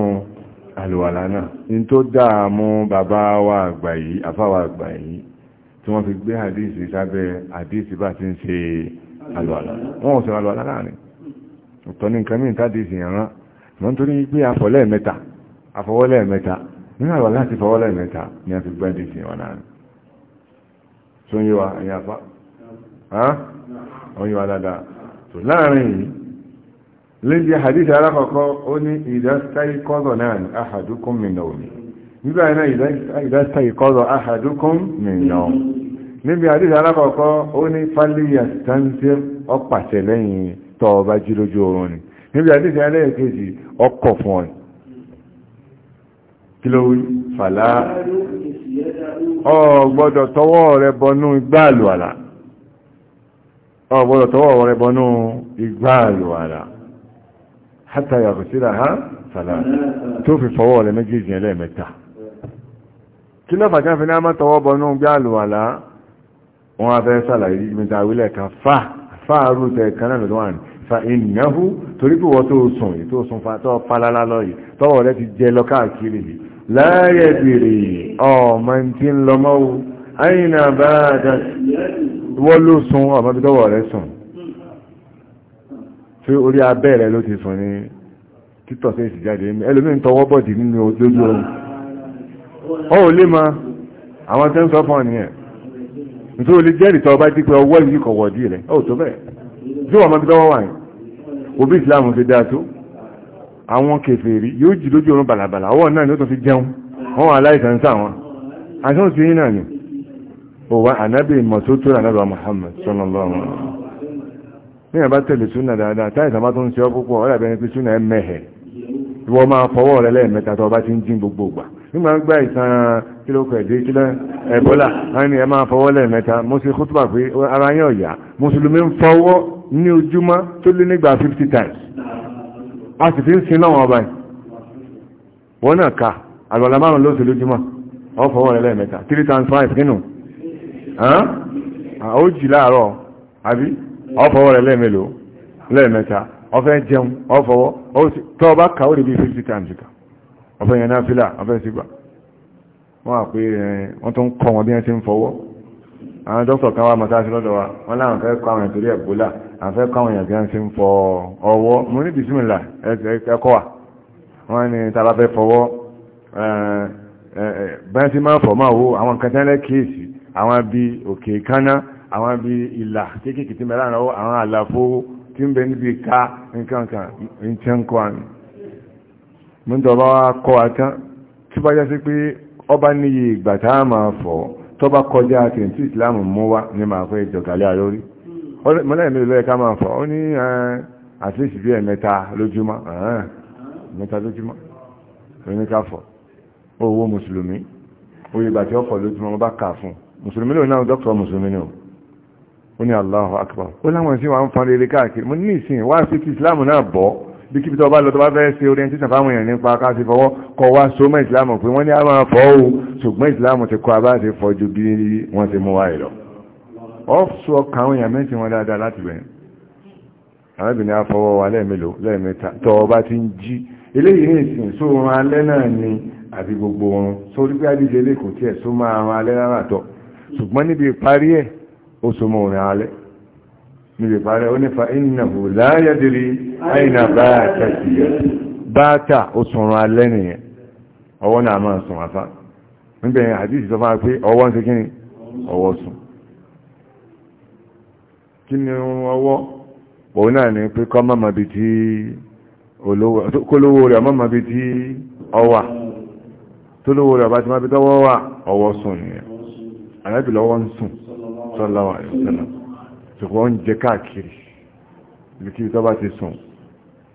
àlùwàlá náà in tó dáàmú bàbá wa àgbà yìí àfáwà àgbà yìí tí wọ́n fi gbé àdíìsì sábẹ́ àdíìsì bá ti ń ṣe àlùwàlá wọ́n ò ṣe àlùwàlá láàrin ọ̀tọ̀ ní nǹkan mìíràn tádìsì yànrán wọ́n tó ní gbé àfọwọ́lẹ̀ mẹ́ta àfọwọ́lẹ̀ mẹ́ta nínú àlùwàlá àti fọwọ́lẹ̀ mẹ́ta ni a fi gbé àdíìsì wọn láàrin tó ń yé ẹ̀yà fa láàrin yìí lébi hadith alákọ̀ọ́kọ́ ó ní ìdástáikọ́dọ̀ náà ahadukum min nawmi nígbà iná ìdástáikọ́dọ̀ ahadukum min nawmi níbi hadith alákọ̀ọ́kọ́ ó ní fálíyà stansir ọpàṣẹ lẹ́yìn tọ́ọba jílójú oorun ni níbi hadith alákẹ́jì ọkọ̀ fún ọ kí ló tọwọ́ rẹ bọnú igbá àlùwàlà ọ tọwọ́ rẹ bọnú igbá àlùwàlà hátà yàgò síra ha sàlá tó fi fọwọ́ rẹ̀ méjèèjì ẹlẹ́ẹ̀mẹ́ta kí ló fàtí àfi ní a máa tọwọ́ bọ inú gbé àlùwàlá wọn afẹ́ sàlàyé mẹ́ta àwílẹ̀ kan fa fáàrù tẹ̀ kan náà lọ́wọ́ àná fa ìnáhú torí pé wọ́n tó sùn yìí tó sùn fa tọ́ palala lọ yìí tọ́wọ́ rẹ̀ ti jẹ lọ káàkiri yìí láyé bèrè ọmọ tí ń lọ mọ́wó àyìnà bá dá wọ́n ló sùn ọmọ bí tọ́wọ́ rẹ̀ sùn tí orí abẹ́ rẹ̀ ló ti sùn ní títọ̀ sí ìsìjáde mi ẹlòmí ń tọwọ́ bọ̀dì nínú lójú ohun ọ ò lè ma àwọn tẹ́ ń sọ fún ọ̀nìyàn nítorí olè jẹ́rìí tọ́ bá jí pé ọwọ́ yìí kọ̀ wọ̀dí rẹ̀ ó tó bẹ́ẹ̀ tí wọ́n máa fi tọ́wọ́ wà ní òbí ìsìláàmù ti dáa tó àwọn kèfèrí yóò jí lójú oorun bàlàbàlà ọwọ́ náà ni ó tún fi jẹun wọ́n wà aláìsàn sá wọn àti wọ́n ti yín náà ni òwà ànábì mọ̀tótó ànábì Muhammad sallallahu alaihi ní ẹ̀bá tẹ̀lé súnà dáadáa táì sàmá tó ń ṣe ọ́ púpọ̀ ọ̀rẹ́ àbẹ́ni pé súnà ẹ mẹ́hẹ̀ ìwọ máa fọwọ́ rẹ lẹ́ẹ̀mẹ́ta tó bá ti ń jí gbogbo gbà nígbà gbà ìsan kílókù ẹ̀dẹ́ kílẹ̀ ẹ̀bọ́là á ní máa fọwọ́ lẹ́ẹ̀mẹ́ta mo ṣe kútùbà pé ara yẹn ọ̀yà mùsùlùmí ń fọwọ́ ní ojúmọ́ tó lé nígbà 50 times a sì fi ń sin náà ọba yìí wọ́n náà ka àgbàlá márùn lóṣù lójúmọ́ ọ fọwọ́ rẹ lẹ́ẹ̀mẹ́ta 3 times 5 nínú ó jì láàárọ̀ àbí ọ̀fọwọ́ rẹ̀ lẹ́ẹ̀mẹ́lò lẹ́ẹ̀mẹ́ta ọ̀fẹ́ jẹun ọ̀fọwọ́ tọ́ ọba kàó rí bí 50 times ká ọ̀fẹ́ yẹn náà fílà ọ̀fẹ́ sígbà wọ́n à pé wọ́n tó ń kọ́ wọn bí wọ́n ti ń fọwọ́ àwọn dókítà kan wá mọ́sáàsì lọ́dọ̀ wa wọ́n láwọn fẹ́ kọ́ àwọn ìtorí ẹ̀bólà àwọn fẹ́ kọ́ àwọn èèyàn bí wọ́n ti ń fọ ọwọ́ mo ní bisimilà ẹ̀kọ́ wa wọ́n ní tàbá fẹ́ fọwọ́ bẹ́ẹ̀ tí máa fọ̀ máa wo àwọn kan tẹ́lẹ̀ kéèsì àwọn bí òkè kánná àwọn ibi ìlà kéékèèké tí mẹ́rin àwọn àwọn àlàfo tí ń bẹ níbi ká nǹkan kan ń tẹ́ ń kọ́ àmì mú tọ́ bá wá kọ́ àtán tí bá jásí pé ọba níye ìgbà tá a máa fọ̀ tó bá kọjá àti ìtì ìsìláàmù mú wá ní máa fẹ́ ìjọkàlẹ̀ àlórí mọ́lẹ̀ mi lọ́yẹ ká máa fọ̀ ó ní àti ìsìbí ẹ̀ mẹ́ta lójúmọ́ mẹ́ta lójúmọ́ oníkàfọ̀ owó mùsùlùmí oyè ìgbà lójúmọ́ bá kà fún mùsùlùmí lòun náà dókítà mùsùlùmí náà ó ní Allahu Akbar ó láwọn sí wọn fa rere káàkiri mo ní ìsìn wá sí ti Islam náà bọ́ bí kíbi tó bá lọ tó bá fẹ́ ṣe orientation fáwọn èèyàn nípa ká sí fọwọ́ kọ wá so mọ́ Islam pé wọ́n ní a máa fọ́ o ṣùgbọ́n Islam ti kọ́ abá ti fọ́ ju bí wọ́n ti mú wa ìlọ ọ́fṣù ọkàn àwọn èèyàn mẹ́sìn wọn dáadáa láti bẹ̀rẹ̀ arábìnrin afọwọ́ wa lẹ́ẹ̀mélòó lẹ́ẹ̀mẹ́ta tọ́ ọba ó so mọ́ òrìn alẹ́ níbi ìparẹ́ ó nífa ìnáhù láyẹ́dìrí àìnà báyàtà sí ẹ̀ báyàtà ó sọ̀rọ̀ alẹ́ nìyẹn ọwọ́ náà máa sùn àfá níbẹ̀ àdíṣì sọ fáa pé ọwọ́ ń ṣe kí ni ọwọ́ sùn kí ni ọwọ́ òun náà ni pé kọ́ mọ́mọ́ bí tí kólówó rẹ̀ mọ́mọ́ sallallahu alaihi wasallam ṣùgbọ́n ń jẹ káàkiri lùkí tó bá ti sùn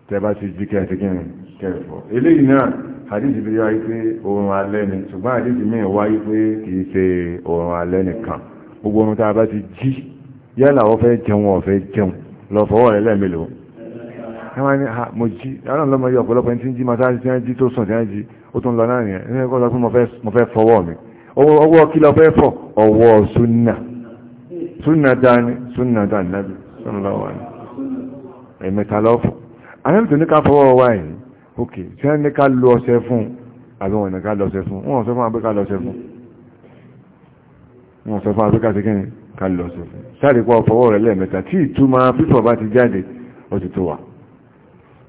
tẹ bá ti jí kẹfìkẹrin kẹfọ eléyìí náà hadith bí wáyé pé oorun alẹ́ ni ṣùgbọ́n hadith mìíràn wáyé pé kìí ṣe oorun alẹ́ nìkan gbogbo ohun tá a bá ti jí yálà wọ́n fẹ́ jẹun wọ́n fẹ́ jẹun lọ fọwọ́ rẹ̀ lẹ́ẹ̀mélòó ẹwà ni ha mo jí ẹran lọmọ yìí ọ̀pọ̀lọpọ̀ ẹni tí súnàtà ni súnàtà nàbí sọ́nàláwà ni ẹ̀mẹ́ta lọ́fọ̀ anábìtò ní ká fọwọ́ wá yìí ok tí wọ́n ní ká lọ ọṣẹ fún àbí wọn ní ká lọ ọṣẹ fún wọn sọ fún abẹ́ká lọ ọṣẹ fún wọn sọ fún abẹ́ká sí kíni ká lọ ọṣẹ fún sáré pa ọfọwọ́ rẹ̀ lẹ́ẹ̀mẹ́ta tí ìtumọ̀ fífọ̀ bá ti jáde ó ti tó wà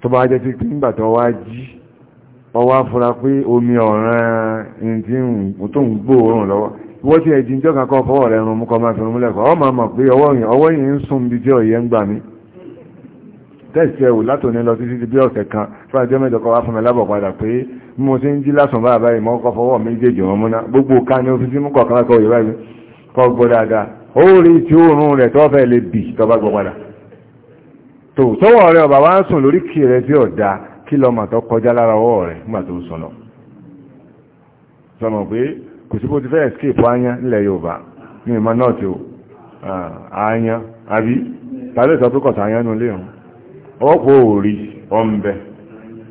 tó bá jẹ́ sí nígbà tó wá jí ọwá fura pé omi ọ̀ràn ẹni tí tó ń gbóòórùn lọ́wọ́ wọ́n ti ẹ̀jìn jọ́ kankan fọwọ́ rẹ̀ rún mú kọ máa fi rún lẹ́kọ̀ọ́ ọmọ àmọ̀ pé ọwọ́ yìí ń sùn bí jẹ́ òye ń gbà mí tẹ́sí ẹ̀wù látòní lọ títí di bí ọ̀sẹ̀ kan wá fún mi lábọ̀ padà pé mo ti ń jí lásán báyà báyìí mọ́ kọ́ fọwọ́ gbogbo ká ní ofi mú kọ̀ọ̀kan kọ́ òye báyìí kọ́ gbọ́ dáadáa kò sí bó ti fẹ́ escape anya nílẹ̀ Yorùbá ní ìmọ̀ náà tí ó anya àbí tàbí sọ pé kọ̀tà anya nulẹ̀ ọ̀hún ọ̀pọ̀ ọ̀mbẹ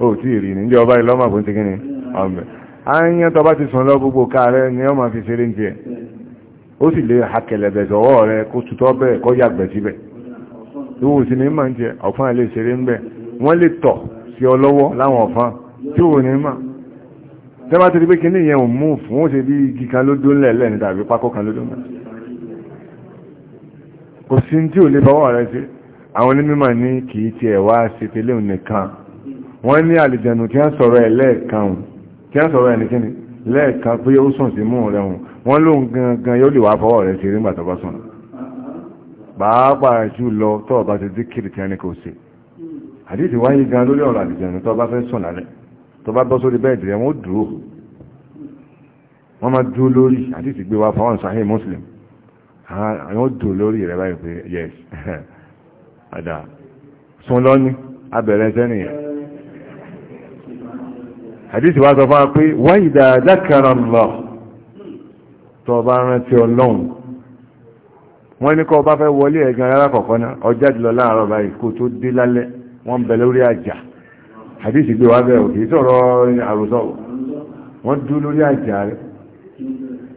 ó tí ì rí ní ìjọba ìlọ́mà kò ń ti kí ni ọ̀mbẹ anya ti sùn lọ gbogbo káàrẹ ni ọmọ fi ṣeré ń jẹ ó sì lè rẹ kó kó ìwò ní máa ń jẹ ṣeré ń wọ́n lè tọ̀ sí ọ láwọn ọ̀fán tí ò ní tẹ́bá ti di pé kíní yẹn ò mú fún ó ṣe bí igi kan ló dún lẹ́lẹ́ ní tàbí pákó kan ló dún lẹ́lẹ́ kò sí tí ò lè bọ́wọ́ rẹ̀ sí àwọn onímọ̀ ní kì í ti ẹ̀wà ṣe tẹ́lẹ̀ nìkan wọ́n ní àlìjẹ̀nù tí wọ́n sọ̀rọ̀ ẹ̀ lẹ́ẹ̀kan tí wọ́n sọ̀rọ̀ ẹ̀ ní kíni lẹ́ẹ̀kan pé ó sùn sí mú rẹ̀ hùn wọ́n lóun gangan yóò lè wá fọwọ́ rẹ̀ sí nígbà tó bá sùn pàápàá jù lọ tó bá ti dí kìrìtìyàn ní kò sí àdìsí wáyé gan lórí ọ̀rọ̀ àlìjẹ̀nù tó bá bọ́ sórí bẹ́ẹ̀dì rẹ̀ wọ́n dúró wọ́n máa dúró lórí àti ìsìgbé wa fáwọn sahih muslim àwọn dúró lórí rẹ̀ báyìí pé yes Ada, sun lọ́ní abẹ̀rẹ̀ sẹ́ni yẹn àdísì wá sọ fún wa pé wọ́n ìdá dákàrà lọ tó bá rántí ọlọ́run wọ́n ní kọ́ bá fẹ́ wọlé ẹ̀gán alákọ̀ọ́kọ́ náà ọjáde lọ láàárọ̀ báyìí kó tó dé lálẹ́ wọ́n bẹ̀ lórí àjà hadith gbé wá bẹ́ẹ̀ òkè sọ̀rọ̀ àròsọ wọ́n dú lórí àjà rẹ̀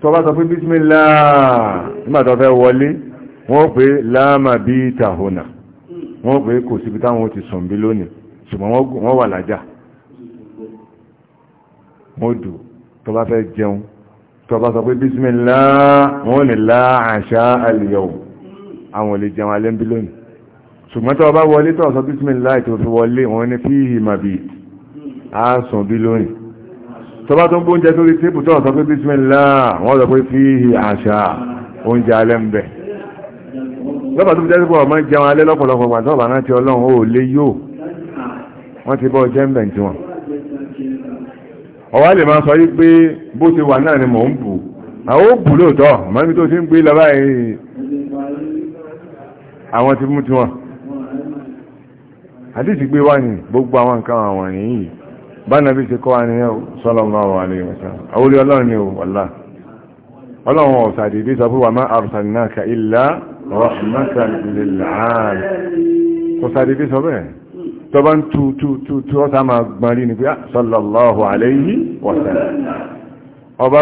tó bá sọ pé bísmìlá nígbà tó fẹ́ wọlé wọ́n pé láàmà bí tàhónà wọ́n pé kò síbi táwọn ti sùn bí lónìí ṣùgbọ́n wọ́n wà lájà wọ́n dù tó bá fẹ́ jẹun tó bá sọ pé bísmìlá wọ́n ní láàṣà àlìyàwó àwọn olè jẹun alẹ́ bí lónìí ṣùgbọ́n tó bá wọlé tó sọ bísmìláì tó fi wọlé wọn ní fíhì màbí àásùn bí lónìí tó bá tó ń bóúnjẹ tó rí tébù tó sọ pé bísmìláì wọ́n sọ pé fíhì àṣà oúnjẹ alẹ́ ń bẹ̀ lọ́pàá tó fi jẹ́ sípò ọmọ jẹun alẹ́ lọ́pọ̀lọpọ̀ pàtó ọ̀bà náà ti ọlọ́run ó lé yóò wọ́n ti bọ́ jẹ́ ń bẹ̀ tí wọn ọwá lè máa sọ yí pé bó ti wà náà ni mò ń bù àwọn ó bù lóòótọ́ mọ́mí tó ti ń gbé lọ báyìí àwọn ti mú tiwọn àdìsí gbé wá ní gbogbo àwọn nǹkan àwọn yìí bánàbí ti kọ́ àníyàn sallallahu alaihi wasallam àwórí ọlọ́run ni ò wọ́lá ọlọ́run ọ̀sà dìdí sọ fún wa ma arsalnaka illa rahmatan lil alamin ọ̀sà dìdí sọ bẹ́ẹ̀ tó bá ń tu tu tu tu ọ́sà máa gbọ́n rí ni pé ah, sallallahu alaihi wasallam ọba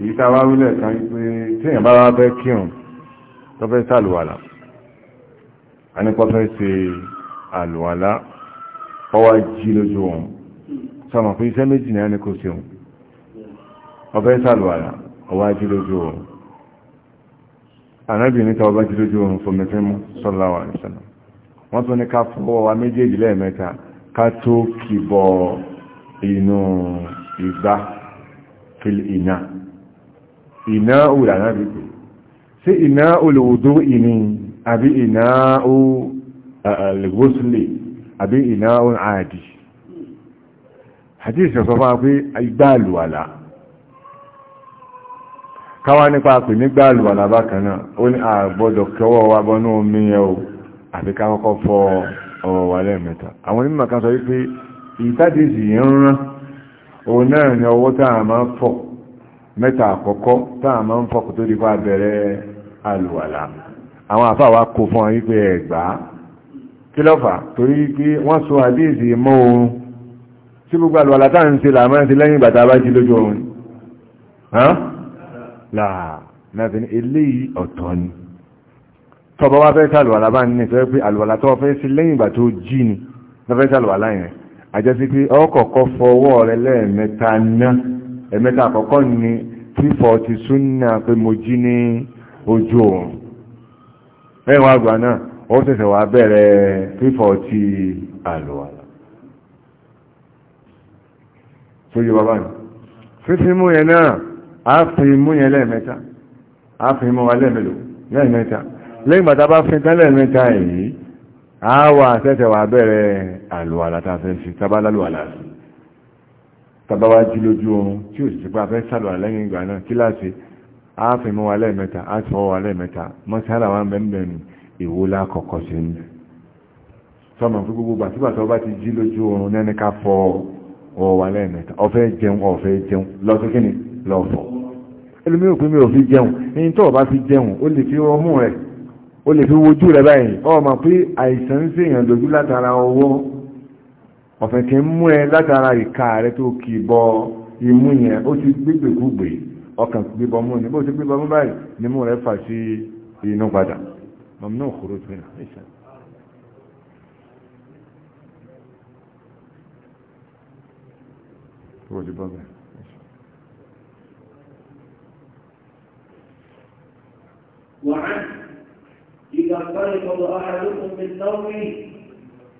èyí tá a wá wílẹ̀ kan pé tíyàn bá wá fẹ́ kírun tó fẹ́ sàlùwàlà a nípa fẹ́ ṣe àlùwàlà ọwá jí lójú wọn sọmọ pé iṣẹ́ méjì náà ní kò sí wọn ọfẹ́ sàlùwàlà ọwá jí lójú wọn ànábì níta ọba jí lójú wọn fún mẹfẹ́ mú sọ́láwà ìṣẹ̀lẹ̀ wọ́n tún ní ká fọwọ́ wa méjèèjì lẹ́ẹ̀mẹ́ta ká tó kìbọ̀ inú ìgbá fil ina ìná òlà náà fi pè sí ìná olùwòdó ìní àbí ìná ó lègbósílè àbí ìná ó àdì àti ìṣẹ̀sọ fún wa pé igbá àlùwàlà káwá nípa pè nígbà àlùwàlà bákan náà ó ní àgbọ́dọ̀ kọwọ́ wa bọ́nú omi yẹn o àbí ká kọ́kọ́ fọ ọwọ́ wa lẹ́ẹ̀mẹ́ta àwọn onímọ̀ kan sọ wípé ìtàdìsì yẹn ń rán òun náà ni ọwọ́ tá a máa fọ̀ mẹ́ta àkọ́kọ́ táà máa ń fọ́kù tó dípa bẹ̀rẹ̀ alùwàlà àwọn àfáwà kò fún ọ wípé ẹ̀gbá kí lọ́fà torí pé wọ́n so àdíìsì mọ́ oorun tí gbogbo alùwàlà táà ń ṣe làmọ́ sí lẹ́yìn ìgbà tá a bá jí lójú oorun láà nàbìn eléyìí ọ̀tọ̀ ni tọba wá fẹ́ sàlùwàlà bá ní sọ pé àlùwàlà tó fẹ́ sí lẹ́yìn ìgbà tó jí ni lọ́fẹ́ sàlùwàlà yẹn àjẹsí ọkọ̀ọ̀kọ́ fọwọ́ rẹ lẹ́ẹ̀mẹ́ta náà ẹ̀mẹ́ta àkọ́kọ́ ni fífọ́ ti súnà pé mo jí ní ojú oòrùn ẹ̀wọ̀n àgbà náà ó ṣẹ̀ṣẹ̀ wá bẹ̀rẹ̀ fífọ́ ti àlùwàlà sójú bàbá ni fífi mú yẹn náà á fi mú yẹn lẹ́ẹ̀mẹ́ta á fi mú wa lẹ́ẹ̀mẹ́lò lẹ́ẹ̀mẹ́ta lẹ́yìn bàtà bá fi tán lẹ́ẹ̀mẹ́ta èyí á wà ṣẹ̀ṣẹ̀ wá bẹ̀rẹ̀ àlùwàlà tá a sí tàbáwá jí lójú oorun tí ò sì pa fẹ́ sàlọ̀ lẹ́yìn ìgbà náà kíláàsì àáfìmú wa lẹ́ẹ̀mẹ́ta àtìwọ́ wa lẹ́ẹ̀mẹ́ta mọ́sálà wa mẹ́mẹ́ ni èwo la kọ̀kọ́ sí ni sọmọ fún gbogbo gbàtígbà tó bá ti jí lójú oorun nẹ́ni ká fọ ọwọ́ wa lẹ́ẹ̀mẹ́ta ọ̀fẹ́ jẹun ọ̀fẹ́ jẹun lọ́tún kíni lọ́fọ̀ ẹlòmí ò pé mi ò fi jẹun ẹni tó o bá fi jẹun ó lè fi ọmú rẹ ó lè fi wojú rẹ báyìí ọmọ pé àìsàn ọ̀fẹ́ kí ń mú ẹ látara ìka rẹ tó kì bọ imú yẹn ó ti gbégbègbè ọkàn gbébọ mú ní bó ti gbébọ mú báyìí ni mú rẹ fà sí inú padà mọ̀mí náà kúrò tó yàn وعن إذا طلق أحدكم من نومه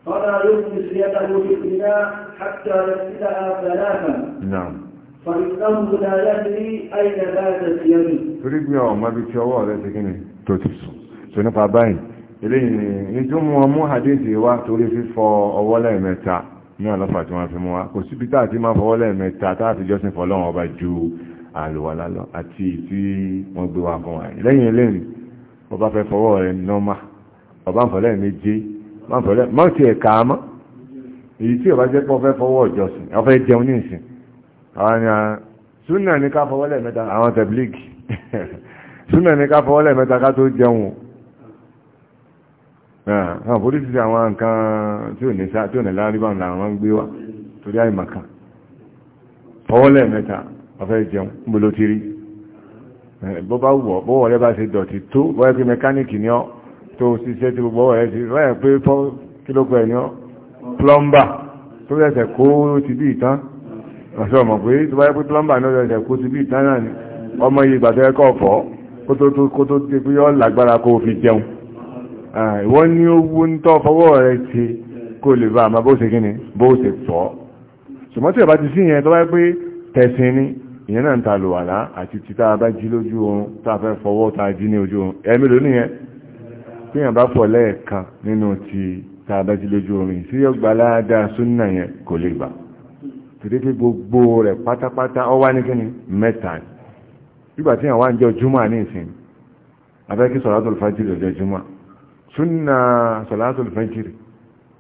فلا يمكن سيته في البناء حتى يفسدها ثلاثا نعم فإنه لا يدري أين باتت يده تريد يا ما بك يا الله ليس كني تتبسو سنقع باين eléyìí ni ní tí ó mú ọmú àdéhìí wá torí fífọ ọwọ́ lẹ́ẹ̀mẹ́ta ní àlọ́fà tí wọ́n fi mú wá kò síbi táà tí máa fọwọ́ lẹ́ẹ̀mẹ́ta táàfi jọ́sìn fọ́lọ́run ọba ju àlùwàlá lọ àti tí wọ́n gbé wá fún wa lẹ́yìn eléyìí ọba fẹ́ fọwọ́ rẹ̀ nọ́mà ọba ń fọlẹ́ẹ̀méje má fẹ́lẹ́ má ti ẹ̀ kà á mọ́ èyí tí ọba jẹ́ pé ọ fẹ́ fọwọ́ ìjọsìn ọ fẹ́ jẹun ní ìsìn àwọn ni súnà ní ká fọwọ́ lẹ́ẹ̀mẹ́ta àwọn tẹ̀blígì súnà ní ká fọwọ́ lẹ́ẹ̀mẹ́ta ká tó jẹun àwọn polisi ti àwọn nǹkan tí ò ní sá tí ò ní láríbà làwọn ń gbé wá torí àìmọ̀kan fọwọ́ lẹ́ẹ̀mẹ́ta ọ fẹ́ jẹun níbo ló ti rí bó bá wù ọ́ wọlé bá ṣe dọ̀tí tó bóyá ni ọ́ tó ṣiṣẹ́ tí gbogbo ọ̀rẹ́ ti ráyà pé kílógún ẹ̀yàn plọ́mbà tó rẹ̀ṣẹ̀ kó ti bí ìtàn ọ̀ṣọ́ ọmọ pé tó bá yẹ pé plọ́mbà náà rẹ̀ṣẹ̀ kó ti bí ìtàn náà ni ọmọ yìí gbàtọ́ ẹ̀kọ́ ọ̀fọ́ kó tó ti pé yọ́ lágbára kó fi jẹun ìwọ́n ní owó ń tọ́ fọwọ́ rẹ̀ ti kó lè bá àmà bó ṣe kí ni bó ṣe fọ́ ṣùgbọ́n tí ẹ̀ bá ti sí yẹn tó bá a bá jí tá a fẹ́ fọwọ́ tá a jí ní ojú oorun ẹ̀mí tíyàn bá fọ̀ lẹ́ẹ̀kan nínú ti tàbájí lójú orin sí ọgbà láàdá súnnà yẹn kò lè gbà tìrí pé gbogbo rẹ̀ pátápátá ọ wá ní kíni mẹ́ta nígbà tíyàn wá ń jọ júmọ̀ ní ìsìn abẹ́kí sọ̀látò fàjírì ọjọ́ júmọ̀ súnnà sọ̀látò fàjírì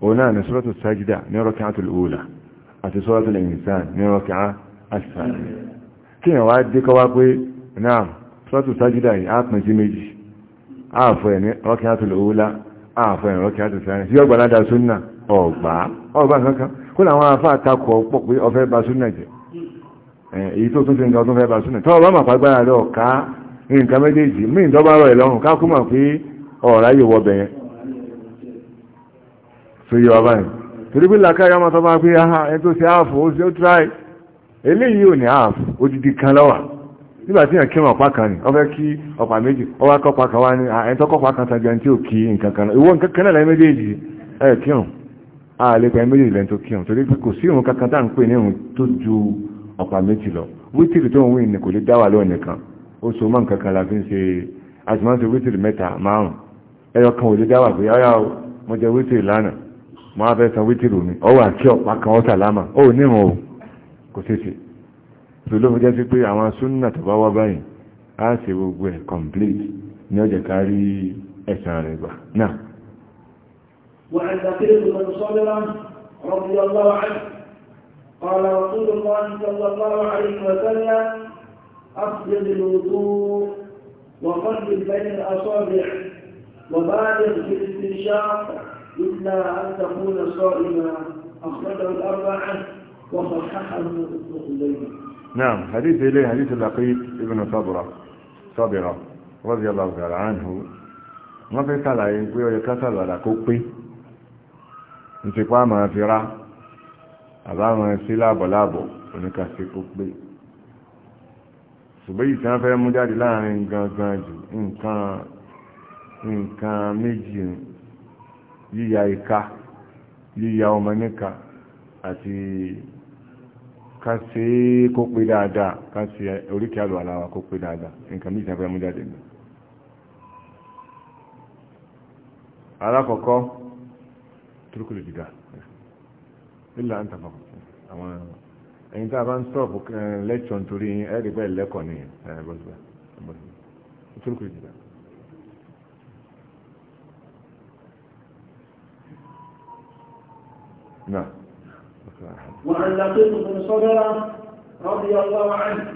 òun náà ní sọ́látò sájídà ní rak'atul ula àti sọ́látò insan ní rak'a àṣìṣàn kíyàn wá dé kọ́wá pé náà sọ́látò sájídà yìí á pín sí méjì àfọ̀ ẹ̀mí rọ́kíátù lòólá àfọ̀ ẹ̀mí rọ́kíátù sáré sí ọgbà ládàá súnà ọ̀gbà ọgbà kankan kó làwọn afá àtakọ̀ pọ̀ pé ọfẹ́ ba jẹ èyí tó tún ti nǹkan tó fẹ́ ba ala ọka bá màpá gbára ọ̀ká nǹkan méjèèjì mí ká kú mà pé ọ̀rá yìí wọ bẹ̀yẹn tó báyìí torí bí bá pé ẹni tó ṣe ààfọ̀ ó ṣe ó tíráì eléyìí ò ní ààfọ̀ odidi kan lọ́wọ́ nígbà tí yàn kí wọn ọ̀pá kan ní ọ fẹ́ kí ọ̀pá méjì ọ wá kọ́pá kan wá ní àìtọ́kọ́pá kan tàbí ẹni tí ò kí nǹkan kan ìwọ nǹkan kan náà méjèèjì ẹ kírun ààlẹ́ pẹ̀lú méjèèjì lẹ́ni tó kírun torí pé kò sí ìrun kankan tá à ń pè ní ìrun tó ju ọ̀pá méjì lọ wítìrì tó ń wí ni kò lè dá wà lọ́ọ̀ nìkan ó so mọ́ nǹkan kan la fi ń ṣe àtìmọ́sí wítìrì mẹ́ta márùn ẹyọ kan ò lè dá o mo jẹ wítìrì lánàá mo á fẹ́ san wítìrì mi ọwọ́ àkí ọ̀pá kan ọ̀tà lámà ó ní ìrun o tó ló fi jẹ́ sí pé àwọn súnnà tó bá wá báyìí á ṣe gbogbo ẹ̀ complete ní ọjọ́ kárí ẹ̀sàn rẹ̀ gbà náà وعن بكير بن صبرا رضي الله عنه قال رسول الله صلى الله عليه وسلم أفضل الوضوء وقلب بين الأصابع وبالغ في الاستنشاق إلا أن تكون صائما أخرجه الأربعة وصححه الخليل نعم حديث إليه حديث اللقيط ابن صبرة صبرة رضي الله تعالى عنه wọ́n fẹ́ sàlàyé pé ọyọ ká sàlàyé kó pé ń ti pa máa fi rá àbáwọn sí láàbọ̀láàbọ̀ oníkà sí kó pé ṣùgbọ́n yìí tí wọ́n fẹ́ mú jáde láàrin gangan jù nǹkan méjì yíya ìka yíya ọmọ níka àti ká ṣe é kó pé dáadáa ká ṣe oríkèé àlọ́ aláwa kó pé dáadáa nǹkan bí ìjàpẹ́ mú jáde ní. alákọ̀ọ́kọ́ turukulu jìdá ilà ń tàbà àwọn ẹni tí a bá ń sọ̀rọ̀ lẹ́tọ̀ nítorí ẹ̀rí bẹ́ẹ̀ lẹ́kọ̀ọ́ ní ẹ̀rẹ́bọ̀sibà turukulu jìdá. náà وعن لقيط بن صدرة رضي الله عنه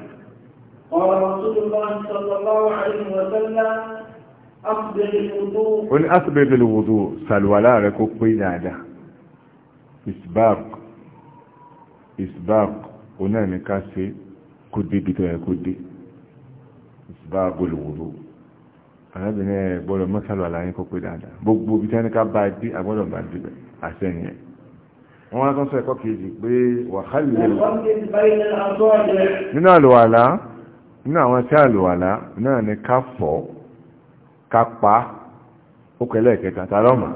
قال رسول الله صلى الله عليه وسلم أقبل الوضوء قل أصبر الوضوء سالولا ركوك بيدادا إسباق إسباق هنا نكاسي كدي بيتوية كدي إسباق الوضوء arábìnrin ẹ gbọ́dọ̀ mọ́sálọ̀ àlàyé kó pé dáadáa gbogbo ibi tí wọ́n ní ká bá dé wọ́n tún sọ ẹ̀kọ́ kejì pé wàhálì nínú àlùwàlá nínú àwọn tí àlùwàlá náà ni ká fọ̀ ká pa ókèlè kẹta tàlọ́mà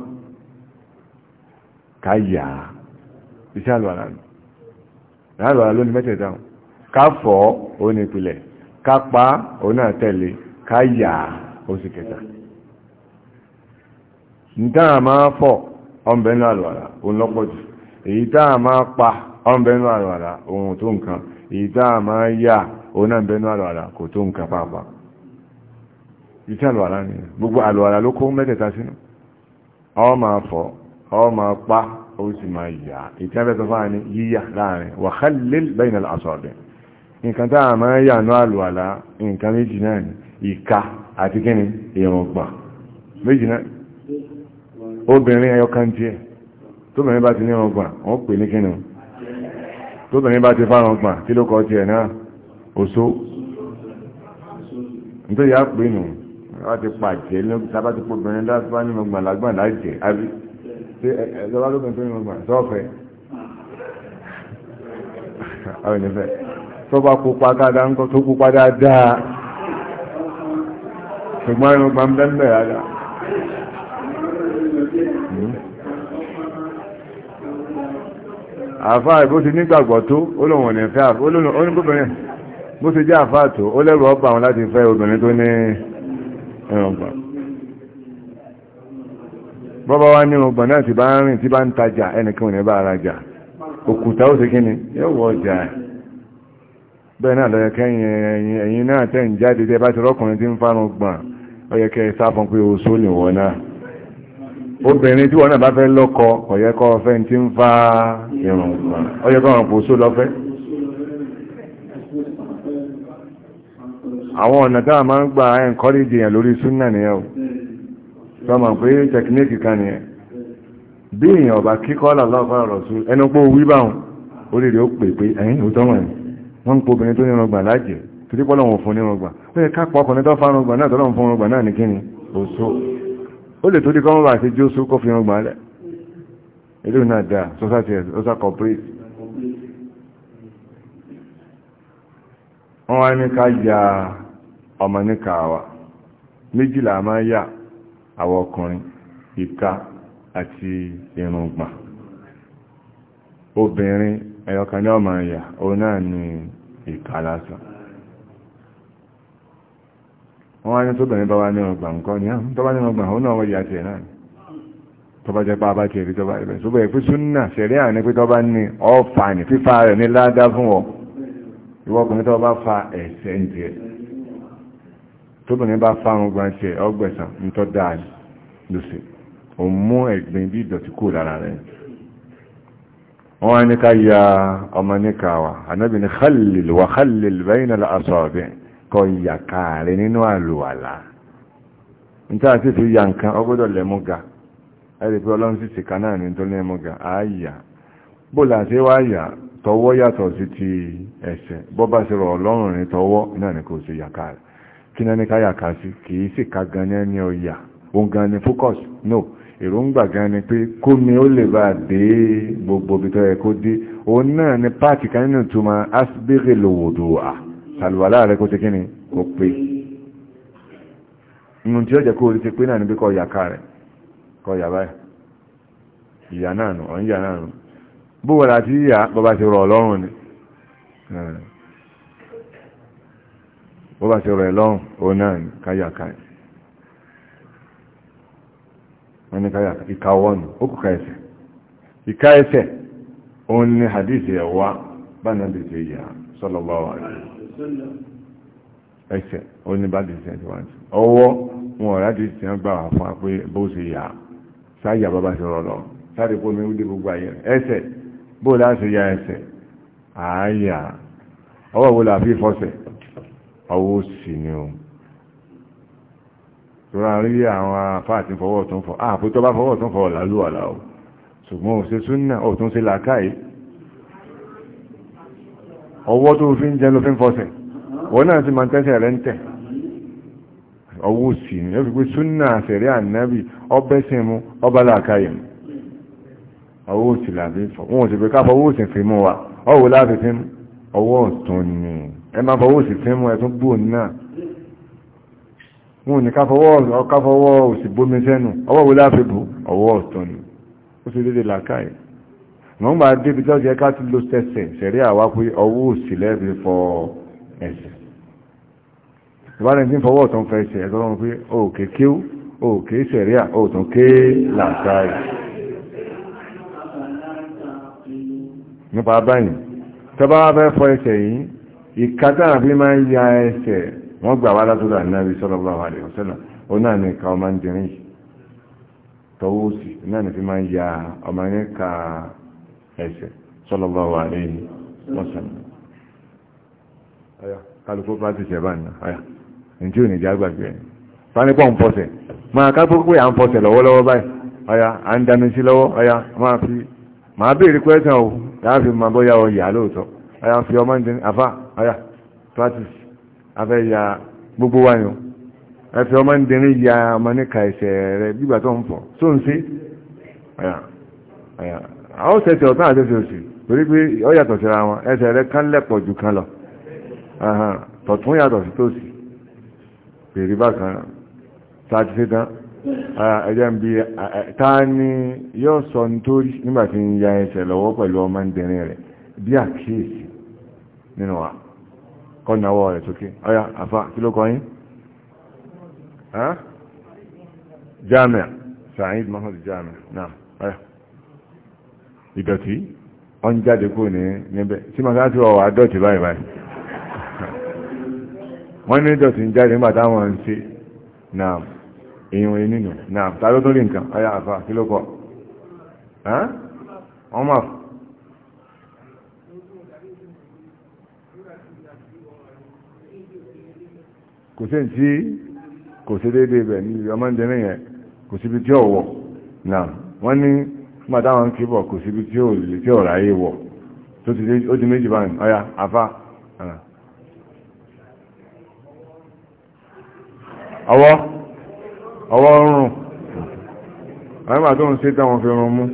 ká yà á iṣẹ́ àlùwàlá nù àlùwàlá lónìí mẹ́tẹ̀ẹ̀ta ká fọ̀ ó ní ìpìlẹ̀ ká pa ó náà tẹ̀lé ká yà á ó kẹta nítorí àmà ọ̀nbẹ́ náà àlùwàlá ó lọ́pọ̀ jù èyí tá a máa pa ọ̀nbẹ́nu àlọ́àlá ohun tó nǹkan èyí tá a máa yà onábẹ́nu àlọ́àlá kò tó nǹkan pàápàá ìtẹ́ àlọ́àlá ni gbogbo àlọ́àlá ló kó mẹ́tẹ̀ẹ̀ta sínú ọ máa fọ ọ máa pa ó sì máa yà ìtẹ́ abẹ́ tó fáà ní yíyà láàrin wàhálẹ́l obìnrin ẹyọkan díẹ̀ tóbìnrin bá ti ní ọgbà wọ́n pè ní kínú tóbìnrin bá ti fáràn ọgbà kí ló kọ tiẹ̀ náà òṣó nítorí a pè nù wọ́n ti pàjẹ́ lọ́gbà tí obìnrin dáfà nínú ọgbà lágbà láìjẹ́ àbí ẹ̀ẹ́dọ́gbà lóbìnrin tó nínú ọgbà sọ́ọ̀fẹ́ àwọn ènìyàn tó bá pupa dáadáa ńkọ́ tó pupa dáadáa ṣùgbọ́n ẹnu gbàmbẹ́mbẹ̀ dáadáa àfá ìbó ti nígbàgbọ́ tó olóhùn ní fẹ́ olóhùn bó ti jẹ́ àfá tó ó lẹ́rù ọba wọn láti fẹ́ obìnrin tó ní ẹ̀rọ̀gbọ̀n bọ́bá wá ní ọgbọ̀n náà ti bá ń rìn tí bá ń tajà ẹnìkan ní bá ara jà òkúta ó sì kíni yóò wọ ọjà ẹ̀ bẹ́ẹ̀ náà lọ́yẹ kẹ́yìn ẹ̀yìn náà tẹ́ ń jáde tẹ́ bá ti rọ́kùnrin tí ń fárun gbọ̀n ó yẹ kẹ́ sáfún pé oṣó lè wọ náà obìnrin tí wọ́n náà bá fẹ́ lọ́kọ ọ̀yẹ́kọ́ ọ̀fẹ́ tí ń fa ìrùn ọ̀yẹ́kọ́ ọ̀rùn pòṣó lọ́fẹ́ àwọn ọ̀nà máa ń gba encourage èèyàn lórí súnà o sọmọ pé tẹkiníkì kan n'i. bí èèyàn ọba kíkọ́ làlọ́fà ọ̀rọ̀ sí ẹnu pé owí báwọn ó lè rí ó pè pé ẹ̀yìn ò wọ́n ń obìnrin tó fún ó yẹ ká ọkùnrin tó fárun ó lè torí kọ́mọ́ bá ti jósù kó fi hàn gbà lẹ̀ ilé náà dáa society ọsà corporate wọ́n wá ní ká ya ọmọ níka wa méjìlá máa yà àwọn ọkùnrin ìka àti irùngbọ̀n obìnrin ẹ̀yọ̀kan ní ọmọ ìyà òun náà ni ìka lásán wọ́n wá ní tóbìnrin bá wá ní ọgbà ni, ní àwọn ah, tọ́bá ní ọgbà òun náà wọ́n yà tiẹ̀ náà tọ́bá jẹ́ pa abájẹ́ rí tọ́bá ibẹ̀ tó bẹ̀rẹ̀ pé súnà ṣẹ̀rí àní pé tọ́bá ní ọ̀fà ní fífa rẹ̀ ní ládá fún ọ ìwọ ọkùnrin tọ́bá fa ẹ̀sẹ̀ ń tiẹ̀ tóbìnrin bá fa ọgbà tiẹ̀ ọgbẹ̀sán ń tọ́ dáa lùsì òun mú ẹ̀gbin bí ìdọ̀tí kù lára rẹ̀ wọ́n wá ní ká ya ọmọ níkà wa ànábì ní khallil wa khallil bayna kọ ìyàká rẹ nínú àlùwàlá níta sí fi ya nǹkan ọgbọ́dọ̀ lẹ́mú ga ẹ̀rì pé ọlọ́run sì sìkà náà ní tó lẹ́mú ga àáyà bó làṣẹ wá yà tọwọ́ yàtọ̀ sí ti ẹsẹ̀ bọ́ bá ṣe rọ̀ ọlọ́run ní tọwọ́ náà ní kò sí yàká rẹ̀ kí náà ní ká yàká sí kì í sì ká gan ní òun gan ni focus no èròǹgbà gan ni pé kó mi ó lè bá dé gbogbo ibi tó yẹ kó dé òun náà ni páàkì kan nínú ìtumọ̀ tàlùwàlá rẹ kó ti kí ni kò pé inú tí ó jẹ́ kó o ti pé náà níbi kọ yàká rẹ̀ kọ yà báyìí ìyà náà nù ọ̀n yà náà nù bó wà láti yà bọ́bá ti rọ̀ lọ́rùn ni bọ́bá ti rọ̀ ó náà káyàká wọ́n ní káyàká ìka ó ká bá náà lè ṣe ẹsẹ̀ ó ní bá dìsẹ̀ tí wọ́n ti ọwọ́ wọn ọ̀rá ti sì ń gbà wá fún wa pé bó ṣe yà sáyà bàbá ṣe rọ̀ lọ sáré kó mi ó dé gbogbo ayé rẹ̀ ẹsẹ̀ bó o láti ya ẹsẹ̀ àáyà ọwọ́ wo la fi fọ́sẹ̀ ọwọ́ sì ni o tó rà rí àwọn afáà tí fọwọ́ tó ń fọ àpótọ́ bá fọwọ́ tó ń fọ ọ̀làlúwàlà o ṣùgbọ́n òṣèṣúnà ò tún ṣe làákàyè ọwọ́ tó fi ń jẹ́ ló fi ń fọ́sẹ̀ wọ́n náà ti máa tẹ́sẹ̀ rẹ̀ ń tẹ̀ ọwọ́ sí ni ó fi pé súnà àṣẹ̀rí ànábì ọbẹ̀ sí mu ọba làákàyè mu ọwọ́ sí làbí fọ́ wọn ò sì pé káfọ́ ọwọ́ sí fi mú wa ọwọ́ láti fi mú ọwọ́ ọ̀tún ni ẹ máa fọwọ́ sí fi mú ẹtún bò náà wọn ò ní káfọwọ́ òsì bómi sẹ́nu ọwọ́ wo láti bò ọwọ́ ọ̀tún ni ó sì dédé làákàyè wọ́n gbà débi tó jẹ́ ká ti lo sẹ́sẹ̀ sẹ̀rí àwá pé ọwọ́ òsì lẹ́bi fọ ẹsẹ̀ ìbáraẹni tí ń fọwọ́ ọ̀tọ̀ ń fẹ́ ẹsẹ̀ ẹ̀tọ́ lọ́run pé òkè kíw òkè sẹ̀rí à òtún ké làtàrí nípa báyìí tọ́ba wá fẹ́ fọ ẹsẹ̀ yìí ìka táwọn fi máa ń ya ẹsẹ̀ wọ́n gbà wá látọ̀dọ̀ ànábi sallallahu alaihi wasallam ó náà ní ìka ọmọ ń dìrín ọmọ ní ka ẹsẹ̀ sallallahu alaihi wasallam kálukú pàtìsì ẹ̀bá nà àyà ní tí ò ní jágbà gbé ẹ̀ fanipọ̀ ń pọ̀sẹ̀ máa kápọ̀ pé à ń pọ̀sẹ̀ lọ́wọ́lọ́wọ́ báyìí àyà à ń dami sí lọ́wọ́ àyà máa fi máa béèrè pẹ́sàn o láàfin máa bọ́yá ọ yà lóòótọ́ àyà fi ọmọ àwọn tẹ̀sẹ̀ ọ̀tún àti ẹsẹ̀ torí pé ó yàtọ̀ síra wọn ẹsẹ̀ rẹ kán lẹ̀pọ̀ ju kan lọ tọ̀tún yàtọ̀ sí tòsì fèrè bákan tá a ti ẹjẹ́ ń bi ta ni yóò sọ nítorí nígbà tí ń ya ẹsẹ̀ lọ́wọ́ pẹ̀lú ọmọ ìdẹ̀rin rẹ̀ bí àkíyèsí nínú wa kọ́ náwọ́ rẹ̀ sókè ọya àfá kí ló kọ́ yín jami'a sa'id mahmoud jami'a náà ọya ìdọ̀tí ọ̀n jáde kú ní níbẹ̀ tí mọ́sáàtì ọ̀wà dọ̀tí báyìí báyìí wọ́n ní dọ̀tí ń jáde nígbà táwọn ń ṣe náà èèyàn èyí nínú náà tàbí tó lè nǹkan ọyá àfà kí ló kọ ọmọ kò sí tí kò sí déédéé bẹ̀ ní ọmọ ń jẹ níyẹn kò tí ọ̀wọ̀ náà wọ́n ní nígbà táwọn kì kò síbi tí ò lè tí ọ̀rọ̀ ayé wọ̀ tó ti ó ti méjì báyìí ọ̀yà afá ọwọ́ ọwọ́ rùn àwọn ìgbà tó ń ṣe táwọn fi rún mú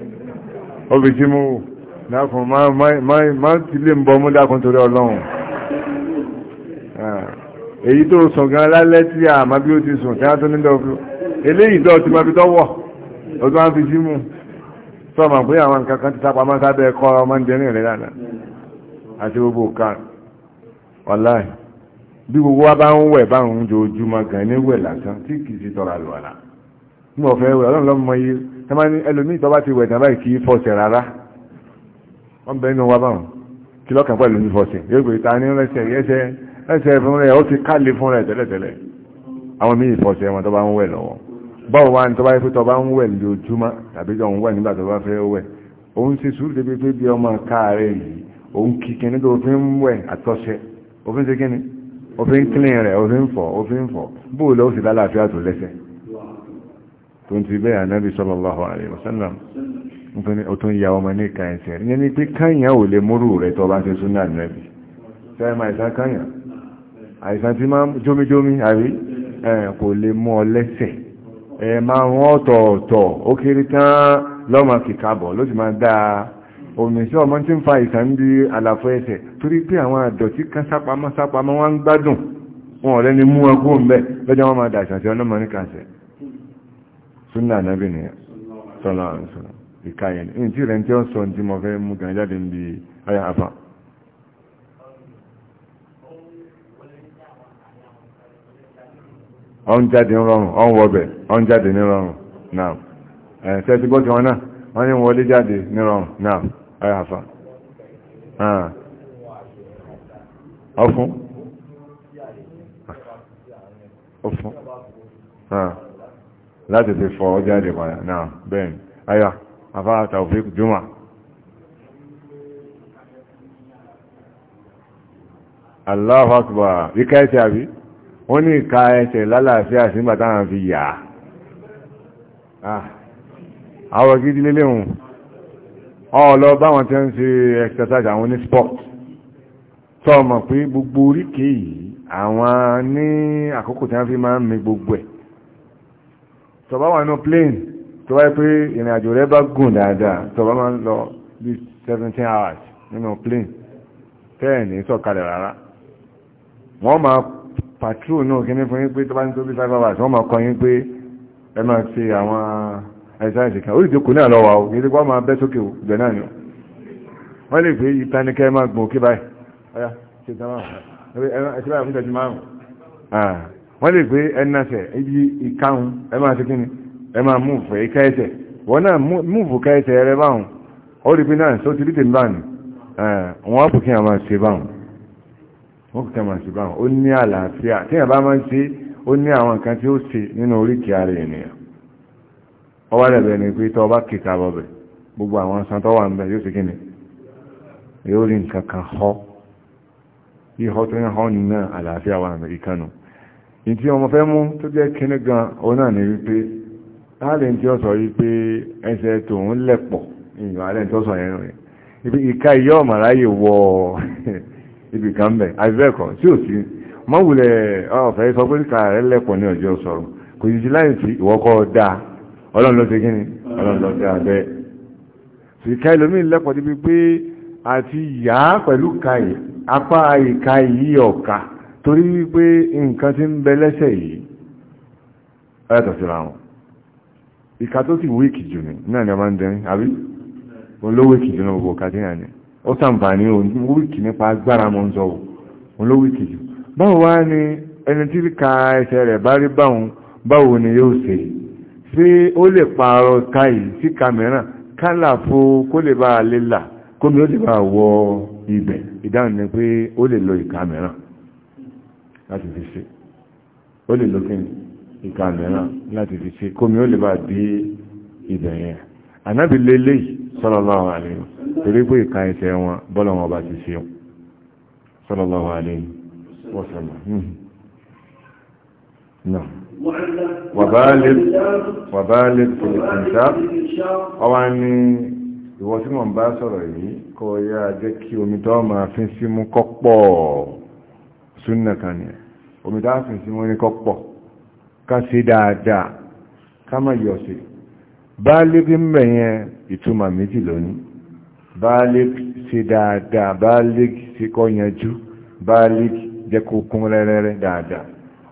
ó fi jí mú wò dákun má ti lè ń bọ mú dákun torí ọlọ́run èyí tó sùn gan lálẹ́ tí àmà bí ó ti sùn tí a tó nílò eléyìí tó ti máa fi tọ́wọ̀ ó tó máa fi jí mú tó ma pé àwọn nǹkan kan ti tápa máa sábẹ́ ẹ̀kọ́ ọmọdé ní ìrìnlẹ̀ náà àti gbogbo kan wàláì bí gbogbo wa bá ń wẹ̀ bá ń jojúmọ́ gan ní wẹ̀ lásán tí kì í sí tọ́ra lù wàlà mú ọ̀fẹ́ wẹ̀ ọlọ́run lọ́mọ yìí tó máa ní ẹlòmíì tó bá ti wẹ̀ tán báyìí kì í fọṣẹ rárá wọ́n bá ń wẹ̀ lọ́wọ́ báwo wá ní tó bá yẹ pé tó bá ń wẹ̀ lójúmọ́ tàbí tó ń wẹ̀ nígbà tó bá fẹ́ wẹ̀ òun ṣe sùúrù débi pé bí ọmọ káàárẹ̀ yìí òun kìkì nígbà òfin ń wẹ̀ àtọ́ṣẹ òfin ṣe kíni òfin kílìn rẹ̀ òfin fọ̀ òfin fọ̀ bóò lọ́wọ́ sì lálàáfíà tó lẹ́sẹ̀ tó ń ti bẹ́ẹ̀ ànábì sallallahu alaihi wasallam nítorí ó tún ya ọmọ ní ni pé káyàn ò lè múrù rẹ̀ tó bá ṣe súnà nẹ́bì sẹ́yìn máa ìsá káyàn àìsàn tí máa kò lè mú ọ lẹ́sẹ̀ ẹ̀ẹ̀márùn ọ̀tọ̀ọ̀tọ̀ ó kéré tán lọ́mọ kìkàbọ̀ ló sì máa dáa omi sí ọmọ tí ń fa ìsàn bí àlàfo ẹsẹ̀ torí pé àwọn àdọ̀tí kan sápamọ́ sápamọ́ wọn ń gbádùn wọn ọ̀rẹ́ ni mú wọn kó ń bẹ̀ lọ́jọ́ wọn máa dà ìsàn sí ọlọ́mọ ní kàṣẹ súnà ànábì nìyẹn sọlọ àrùn sọlọ ìkàyẹn ní tí rẹ̀ ń tí ó sọ ní tí mo ọ̀n jáde rọrùn ọ̀n wọ̀bẹ̀ náà ẹ̀ tẹ́sí wọn náà wọ́n ní wọlé jáde ní náà ẹ̀ àfà láti fi fọ́ jáde padà náà Juma allah Akbar ríkẹ́ tí wọ́n ní ìka ẹsẹ̀ lálàáfíà sígbà táwọn fi yà á ah, àwọ̀ gidi léléhùn ọ̀lọ́ báwọn tẹ́ ń ṣe exercise àwọn ní sport tọ́ mọ̀ pé gbogbo oríkè yìí àwọn ní àkókò tí wọ́n fi máa ń mi gbogbo ẹ̀ tó bá wà nínú plane tó wáyé pé ìrìn àjò rẹ bá gùn dáadáa tó bá máa ń lọ bí 17 hours nínú plane tẹ́ẹ̀ ní sọ̀kalẹ̀ rárá wọ́n máa patrol náà kí ní fún yín pé tó bá ń tó bí five hours wọ́n máa kọ́ yín pé ẹ máa ṣe àwọn ẹ̀sáìsì kan orí ìdókòó náà lọ́wọ́ o yìí wọ́n máa bẹ́ sókè ìgbẹ́ náà ni o wọ́n lè pé ìta ní kẹ́ máa gbọ̀n òkè báyìí ọ̀yà ṣe tá máa ẹ ṣe báyìí fún ìtọ́jú márùn wọ́n lè pé ẹnàṣẹ̀ ibi ìkáhùn ẹ máa ṣe kíni ẹ máa múùfù ẹ̀ka ẹsẹ̀ wọ́n náà múùfù ká ẹsẹ̀ rẹ báhùn ó rí pé náà sọ ti rí tèmi báyìí wọ́n á bùkún àwọn àṣẹ báhùn wọ́n kìí tẹ́mà sí bá wọn ó ní àlàáfíà tí ìyàbá máa ń ṣe ó ní àwọn nǹkan tí ó ṣe nínú oríkì ara ènìyàn ọwá rẹ̀bẹ̀ ni pé tọ́ bá kìkà bọ̀bẹ̀ gbogbo àwọn san tó wà ń bẹ yóò sì kí ni yóò rí nǹkan kan họ́ ihọ́ tó ń họ́ nínú àlàáfíà wà ní ìkànnù ní tí ọmọ fẹ́ mú tó jẹ́ kíní gan òun náà ni wípé láàrin tí ó sọ wípé ẹsẹ̀ tòun lẹ̀pọ̀ ìyọ̀ alẹ́ tó sọ yẹn rẹ̀ ibi ìka ìyọ́ ọ̀màráyè wọ Ibi kan bẹ̀ àìbẹ́ẹ̀kọ́ tí ò sí mọ́wùlẹ̀ ọ̀fẹ́ sọ pé ká rẹ̀ lẹ́pọ̀ ní ọjọ́ sọ̀rọ̀ kò yìí láì sí ìwọ́kọ́ dá ọlọ́run ló ṣe kí ni ọlọ́run ló ṣe abẹ́ ṣìkà ẹlòmíì lẹ́pọ̀ débi pé àti yá pẹ̀lú kàyè apá ìka yìí ọ̀ka torí wípé nǹkan ti ń bẹ lẹ́sẹ̀ yìí ọ̀yàtọ̀ síra wọn ìka tó sì wíìkì jù ní náà ni ọmọ ń dẹrin àbí olówó ìkìjù náà gbogbo kàdínà ni ó sàǹfààní òun wíkì nípa agbára mọ́ ń sọ òun ló wíkì jù báwo wá ní ẹni tí ka ẹsẹ̀ rẹ̀ bá rí báhùn báwo ni yóò ṣe ṣé ó lè pààrọ̀ ká yìí sí kàmíràn kálà fo kó lè bá lè là kó mi ó lè bá wọ ibẹ̀ ìdáhùn ni pé ó lè lo ìkàmíràn láti fi ṣe ó lè lo kí ìkàmíràn láti fi ṣe kó ó lè bá dé ibẹ̀ yẹn ànábì lélẹ̀ sallallahu alaihi torí pé ìka ẹsẹ̀ wọn bọ́lọ̀ wọn bá ti ṣe sallallahu alaihi wasallam wàbálẹ̀ tòlùkùnṣá ọwá ní ìwọ tí mọ̀ bá sọ̀rọ̀ yìí kọ ya jẹ́ kí omi tó máa fi sí mú kọ́pọ̀ súnnà kan ni omi tó fi sí mú ní kọ́pọ̀ ká sí dáadáa ká má yọ̀ sí báálíkì mẹ́yẹn ìtumọ̀ méjì lónìí báálíkì ṣe dáadáa báálíkì ṣe kọ́ yanjú báálíkì jẹ́ kó kún rẹ́rẹ́rẹ́ dáadáa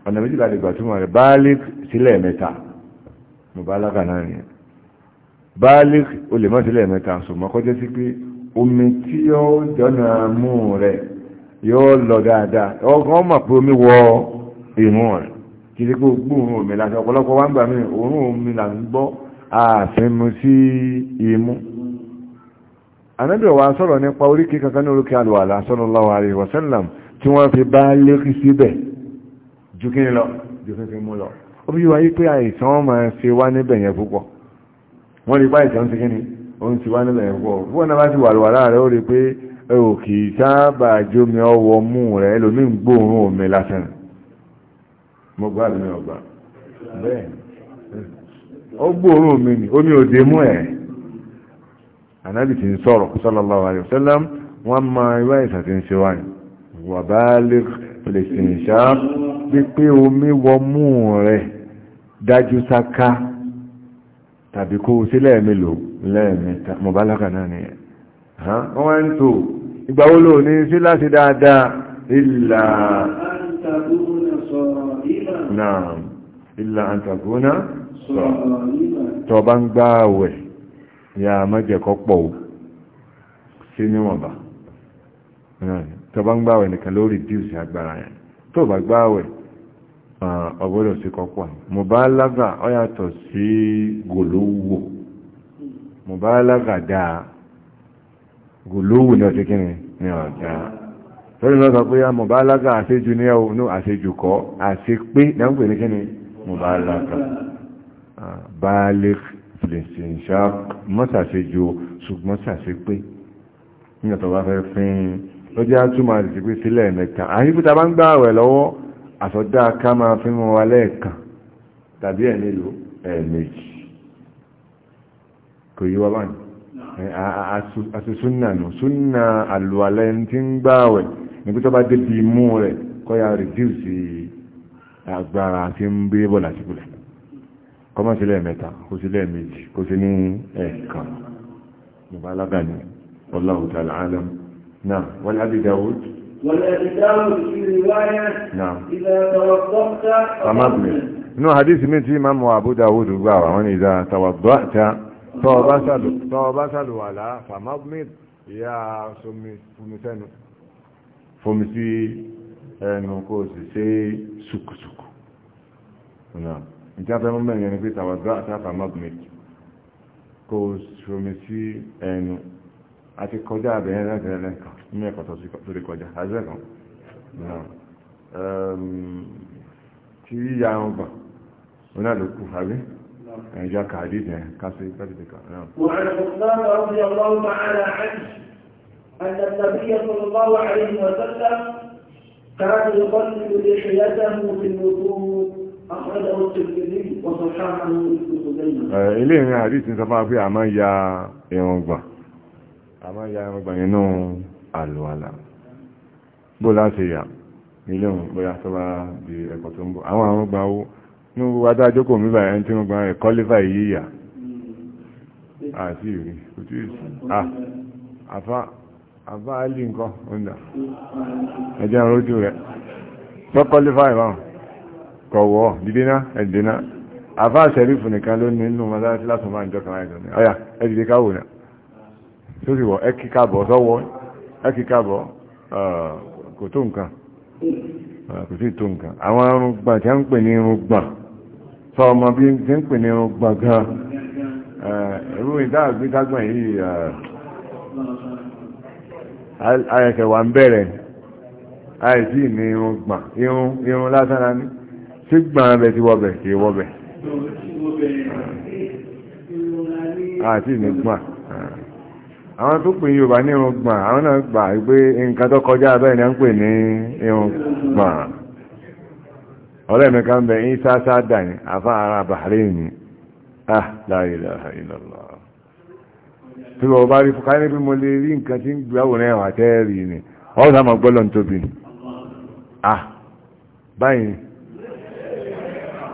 ọ̀nà méjì láti gbà túmọ̀ rẹ̀ báálíkì sílẹ̀ mẹ́ta mo bá lága náà nìyẹn báálíkì o lè má sílẹ̀ mẹ́ta sùnmọ́ kọjá sí pé omi tí yóò jọ́nà mú rẹ̀ yóò lọ dáadáa ọgbọ́n mọ̀ pé omi wọ ìmú rẹ̀ kí sí pé gbóòórùn omi lásán ọ̀pọ̀lọpọ̀ wá ń gbà mí òórùn omi là ń gbọ́ àfẹ́mu sí imú anábì wa sọ̀rọ̀ nípa oríkì kankan ní oríkì alùwàlá sallallahu alaihi wasallam tí wọ́n fi bá lékí síbẹ̀ ju kí ni lọ ju fi fi mú lọ ó bí wáyé pé àìsàn máa ṣe wá níbẹ̀ yẹn púpọ̀ wọ́n rí báyìí tán ti kí ó gbòòrò mi ni omi ò dé mú ẹ̀ ànábì ti ń sọ̀rọ̀ sallallahu alaihi wasallam wọ́n máa irú àìsàn ti ń ṣe wáyé wà bá lè pèsè ìṣá wípé omi wọ mú rẹ̀ dájú sáká tàbí kó o sí lẹ́ẹ̀mélòó lẹ́ẹ̀mẹ́ta mọ̀bálákà náà ni wọ́n ń tò ìgbà wo ló ní sí láti dáadáa ìlà ìlà àǹtàgónà tó bá ń gbá àwẹ̀ ya mẹ́jẹ̀kọ́ pọ̀ ó sí níwọ̀nba tó bá ń gbá àwẹ̀ nìkan ló reduce agbára yẹn tó bá gbá àwẹ̀ ọgbọ́dọ̀ sí kọ́pọ̀ mọ̀bálágà ó yàtọ̀ sí gòlówó mọ̀bálágà dáa gòlówó ní ọ̀tí kíni ní ọ̀dá lórí lọ sọ pé ya ah, mọ̀bálágà àṣejù ní ẹ̀ àṣejù kọ́ àṣepé náà ń pè ní kíni mọ̀bálágà balik filisinshak mọ́sàṣejò ṣùgbọ́n sàṣe pé nígbàtọ̀ bá fẹ́ fín ó jẹ́ àtúmọ̀ àti pé sílẹ̀ mẹ́ta àyíkúta bá ń gbá àwẹ̀ lọ́wọ́ àsọdá ká máa fi mọ́ wa lẹ́ẹ̀kan tàbí ẹ̀ nílò ẹ̀ẹ̀mejì kò yíwa báyìí àti súnà nù súnà àlùwàlẹ́ tí ń gbá àwẹ̀ níbi tó bá débi imú kọmọ́ sílẹ̀ mẹ́ta kó sílẹ̀ méjì kó sí ní ẹ̀ẹ̀kan ìbálágà ní wallahu ta'ala alam náà wal abi Dawud wal abi Dawud fi riwaya náà idha tawadda'ta amábìlẹ̀ inú hadith mi tí máa mọ̀ Abu Dawud gbà àwọn idha tawadda'ta tọ́ọ̀bá sàlùwàlá fàmábìlẹ̀ ìtí afẹ́ mọ́ mẹ́rin ẹni pé tàwàdúrà àtàfà magnet kò ṣomi sí ẹnu àti kọjá àbẹ̀yẹn lẹ́gbẹ̀rẹ́ kan ní ẹ̀kọ́ tó rí kọjá àjẹ́kan tí yíya ọgbà onílòkù àbí ẹ̀já kàdí ìdẹ̀ kásí pẹ́lú kan náà وعن عثمان رضي الله تعالى عنه أن النبي صلى الله عليه وسلم كان يقلل لحيته في الوضوء ilé ìrìn àdísì sọ fáwọn pé a máa ya ẹ̀rọ̀gbà a máa ya ẹ̀rọ̀gbà nínú àlùwàlà bó láti yà ilé ìrìn bóyá tó bá di ẹ̀kọ́ tó ń bọ̀ àwọn àwọn ọgbà owó ní gbogbo adájókò mílà ẹni tí wọ́n gba ẹ̀kọ́ lẹ́fà yíyà àti hmm. ìrìn kò tí ì sí àfá àfá alì nǹkan ọ̀nà ẹjẹ́ àrójú rẹ̀ tọ́kọ́ lẹ́fà ìbáwọn kọ̀wọ́ dídínà ẹ̀dínà àfáà sẹ́rífù nìkan ló ní inú mọ́sálásí láti máa ń jọ kan àìsàn ní ọ̀yà ẹ dìde káwò náà tó sì wọ̀ ẹ kí káàbọ̀ sọ́wọ́ ẹ kí káàbọ̀ kò tó nǹkan kò sí tó nǹkan àwọn irun gbà tí a ń pè ní irun gbà sọ ọmọ bí tí ń pè ní irun gbà gan ẹ̀rú ìdáàgbétágbọ̀n yìí ayẹ̀kẹ̀ wà ń bẹ̀rẹ̀ àìsí ní irun irun lásán ní sígbà bẹ̀ ti wọ́bẹ̀ kì í wọ́bẹ̀ àti ìnigbà àwọn a. pè Yorùbá ní irun àwọn náà gbà nǹkan tó kọjá ni a ń pè ní irun gbà ọ̀rẹ́ mi kan ní ị, àfá ah la ilaha tí wọ́n bá rí fúkà níbi mo lè rí nǹkan tí ń ni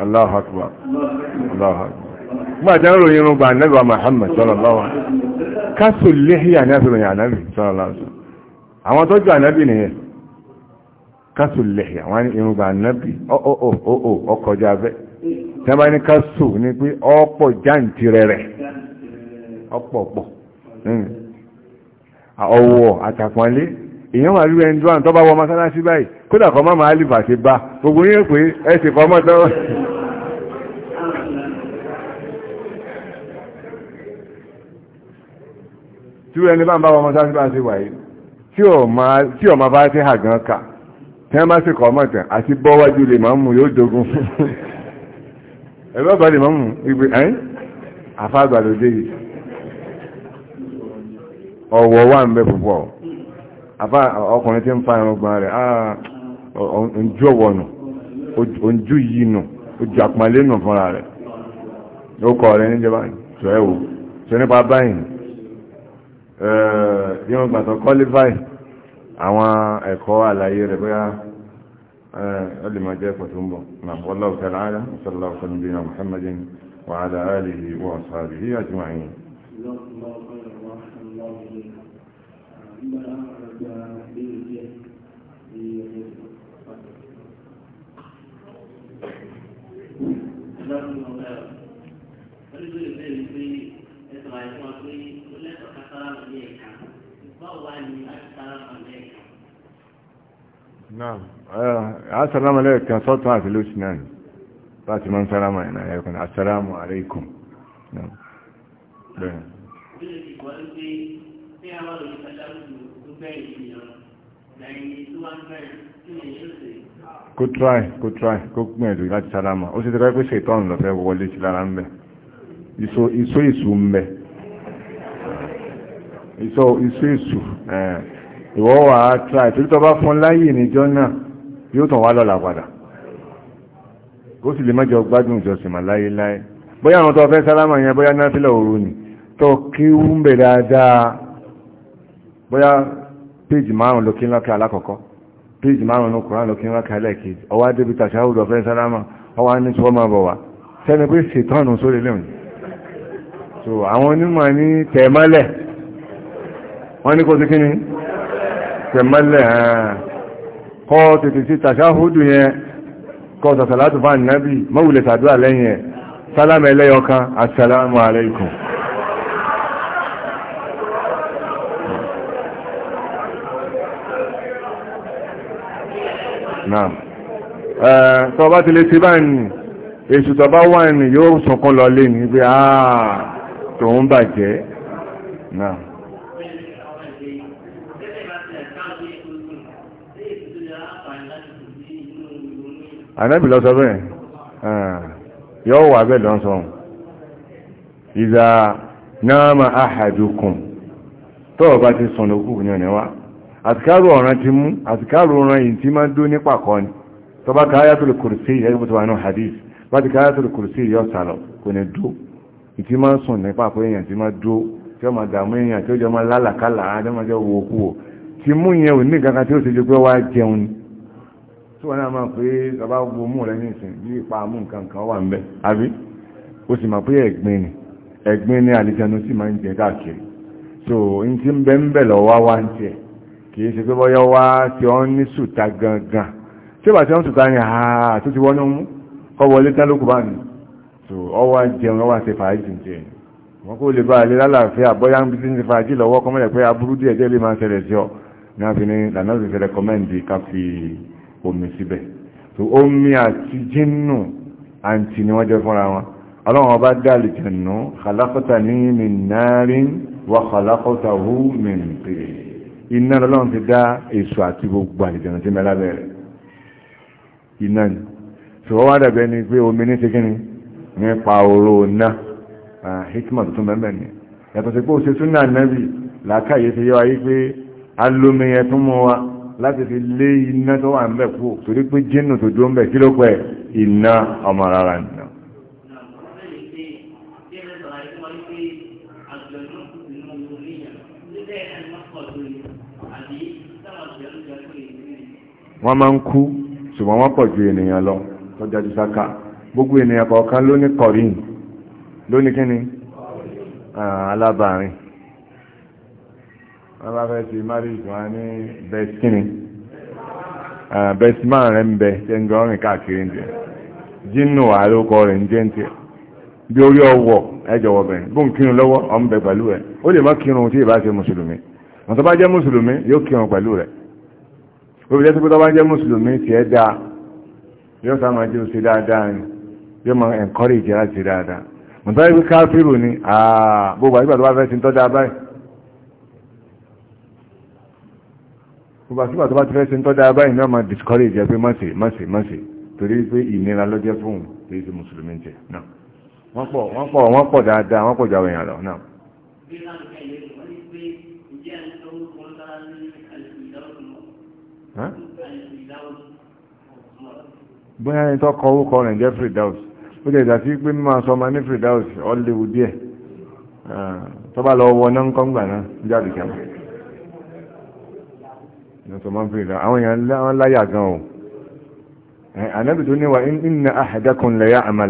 Allahu Akbar Allahu Akbar gbàtí ń ròyìn rúgbà nẹ́gbà Muhammad wa alaihi wasallam kásù léhìyà ní àfihàn ànábì sallallahu alaihi wasallam àwọn tó jù ànábì nìyẹn kásù léhìyà wọ́n ní a ní kásù ní pé ọ̀pọ̀ jáǹtirẹrẹ ọ̀pọ̀pọ̀ ọwọ́ hmm. àtàpọ̀nlé èyàn wà rí ẹni tó wà báyìí kódà kọ́ máa lè bá gbogbo pé ẹ sì kọ́ mọ́ tọ́wọ́ tí wọ́n ẹni bá ń bá ọmọ sáà sí bá ń ṣe wáyé tí ọmọ bá ti hà gan kà tí wọ́n bá sì kọ́ mọ̀tàn àti bọ́wájú lè máa ń mú yóò dogun ẹ̀rọ ọ̀bà lè máa ń mú ìgbé ẹ̀yìn àfáàgbà ló dé yìí ọ̀wọ̀ wà ń bẹ púpọ̀ àfá ọkùnrin tí ń fa ẹrangbọ̀n rẹ̀ ojú ah, ọ̀wọ̀ nù ojú yìí nù ojú àpọ̀lẹ́ nù fúnra rẹ̀ ó kọ̀ rẹ̀ níjọba sọ ẹ̀wò sọ nípa báyìí bí wọ́n gbàtọ̀ qualify àwọn ẹ̀kọ́ àlàyé rẹ̀ bóyá ọdí máa jẹ́ la ń bọ̀ náà wallahu ta'ala sallallahu alaihi Muhammadin wa ala alihi wa ashabihi ajma'in Thank Amẹ́ríkà báwa ni asàlámù Amẹ́ríkà. naam eh, asàlámù Amẹ́ríkà sọ́tún àti lóṣù náà ni bá ti máa ń sálámù ẹ̀ náà ẹ̀kùn asàlámù aláìkùm. bẹ́ẹ̀. bí o ti gbọ́ pé bí a wà lórí sálámù tó bẹ́ẹ̀ ìyàn lẹ́yìn tó wá ń bẹ̀rẹ̀ try kó try kó gbìyànjú láti sálámà ó sì tẹ́lẹ̀ pé ṣètọ́nù lọ́fẹ́ wọlé sí lára ń bẹ̀ ìsó ìsú ń bẹ̀ ìsọ ìsọ èsù ìwọ́ wà á tra ìtorí tó bá fún láyé níjọ́ náà yóò tàn wá lọ́la padà ó sì lè mẹ́jọ gbádùn ìjọsìn mà láyé láyé bóyá àwọn tó fẹ́ sálámà yẹn bóyá náfílà òru ni tó kí ń bẹ̀ dáadáa bóyá péjì márùn ló kí lọ́kẹ́ alákọ̀ọ́kọ́ péjì márùn ló kùrán ló kí lọ́kẹ́ alákejì ọwá débi tàṣáhùdù ọ̀fẹ́ sálámà ọwá ní tí wọ́n máa bọ̀ wá sẹ́ni pé ṣètọ́nù sórí lẹ́yìn so àwọn onímọ̀ ní tẹ̀mọ́lẹ̀ wọ́n ní kò sí kíní tẹ̀mọ́lẹ̀ kọ́ tètè sí tàṣáhùdù yẹn kọ́ sàtàlátù fún ànábì mọ́wùlẹ̀ sàdúrà lẹ́yìn ẹ̀ sálámẹ̀ ẹlẹ́yọkan assalamu alaikum náà tọ́ bá ti lè ṣe báyìí ni èṣù tọ́ wà ní yóò sọ̀kan lọ lé ní pé àà tòun bàjẹ́ náà ànábì lọ sọ bẹ́ẹ̀ yọ ah, wà bẹ́ẹ̀ lọ sọ ìzà náà ma ahadukum tọ́ọ̀ bá ti sọ̀nà òkú ní ọ̀nà wa àtikáàrù ọ̀ràn ti mú àtikáàrù ọ̀ràn yìí tí máa dún nípa kọ́ ni tọba káyà tó lè tó wà hadith bá ti káyà tó lè kùrùsí yọ sàlọ̀ kò ní dó ìtí máa sùn nípa pé èèyàn tí máa dó tí ó máa dààmú èèyàn tí ó jọ máa tí wọ́n náà máa pé bàbá gbogbo mú rẹ̀ nìsìn bí ipa mú nǹkan kan wà ń bẹ àbí ó sì máa pé ẹ̀gbin ni ẹ̀gbin ni àlìjẹnu sì máa ń jẹ káàkiri so n ti ń bẹ ń bẹ lọ wá wá ń tiẹ̀ kì í ṣe pé bọ́yá wá tí ó ń ní sùta gangan tí bàtí ó sùta ni àá tó ti wọ́n mú kọ́ wọlé tán lókù bá mi so ọwọ́ jẹun ọwọ́ àti fàájì ń tiẹ̀ wọ́n kó lè bá alẹ́ lálàáfíà bọ́yá ń bí sí ń fàájì lọ́wọ́ kọ́mọ́lẹ̀ pé aburú díẹ̀ díẹ̀ lè máa ṣẹlẹ̀ sí ọ ní àfi ní lànà òṣìṣẹ́ rẹ̀ kọ́mẹ́ǹdì ká omi síbẹ̀ so omi àti jinnu àǹtí ni wọ́n jẹ́ fúnra wọn ọlọ́run ọba dáàlì jẹ̀nù kàlákọ́ta ní min nárin wà kàlákọ́ta hù min pèrè iná lọ́lọ́run ti dá èso àti gbogbo àlìjẹ̀nù tí mẹ́lá bẹ̀rẹ̀ iná ni so wá dàbẹ́ ni pé omi ní sikini nípa oró ná hikima tuntun mẹ́mẹ́ ni yàtọ̀ sí pé òṣèṣú náà nẹ́bì làákàyè ti yọ ayé pé alómi yẹn tún mú wa láti fi lé iná tó wà ń bẹ̀ kú torí pé jínù tó dúró ń bẹ̀ kí ló pẹ̀ iná ọmọ rárá nìyàn. wọ́n máa ń kú ṣùgbọ́n wọ́n pọ̀ ju ènìyàn lọ tó dájú sáká gbogbo ènìyàn kọ̀ọ̀kan ló ní kọ̀rín kíni ah, alábàárín wọ́n bá fẹ́ ti marriage wọn ní bẹ́sìkínì bẹ́sìmán rẹ̀ ń bẹ tẹ́ ń gọ́rin káàkiri ń tẹ́ jínú àlókọ rẹ̀ ń jẹ́ ń tẹ́ bí orí ọwọ́ ẹjọ̀wọ́ bẹ̀rẹ̀ bó ń kírun lọ́wọ́ ọ̀ ń bẹ pẹ̀lú ẹ̀ ó lè má kírun tí ì bá ṣe mùsùlùmí wọ́n tó bá jẹ́ mùsùlùmí yóò kírun pẹ̀lú rẹ̀ ó fi jẹ́ tó bá jẹ́ mùsùlùmí tí ẹ dáa yóò sá máa jẹ́ ó ṣe dáadáa ni yóò máa encourage láti ṣe dáadáa mọ̀tọ́ ibi káfíìrù ni àà gbogbo àgbà tó bá fẹ́ ti ń tọ́jú abáyìí gbogbo tó bá ti fẹ́ ṣe ń tọ́jà báyìí náà máa discourage ẹ pé mọ́sẹ̀ mọ́sẹ̀ mọ́sẹ̀ torí pé ìnira lọ́jẹ́ fún kì í ṣe mùsùlùmí jẹ náà wọ́n pọ̀ wọ́n pọ̀ wọ́n pọ̀ dáadáa wọ́n pọ̀ jáwé yàn lọ náà. bóyá ẹni tó kọ orúkọ rẹ̀ jẹ́ Firdaus ó jẹ́ ìdásí pé mímọ́ sọ ọmọ ní Firdaus ó díẹ̀ tó bá lọ wọ náà ń kọ́ ń gbà náà jáde kẹ́mọ́. tó máa ń fi ìlà àwọn èèyàn wọn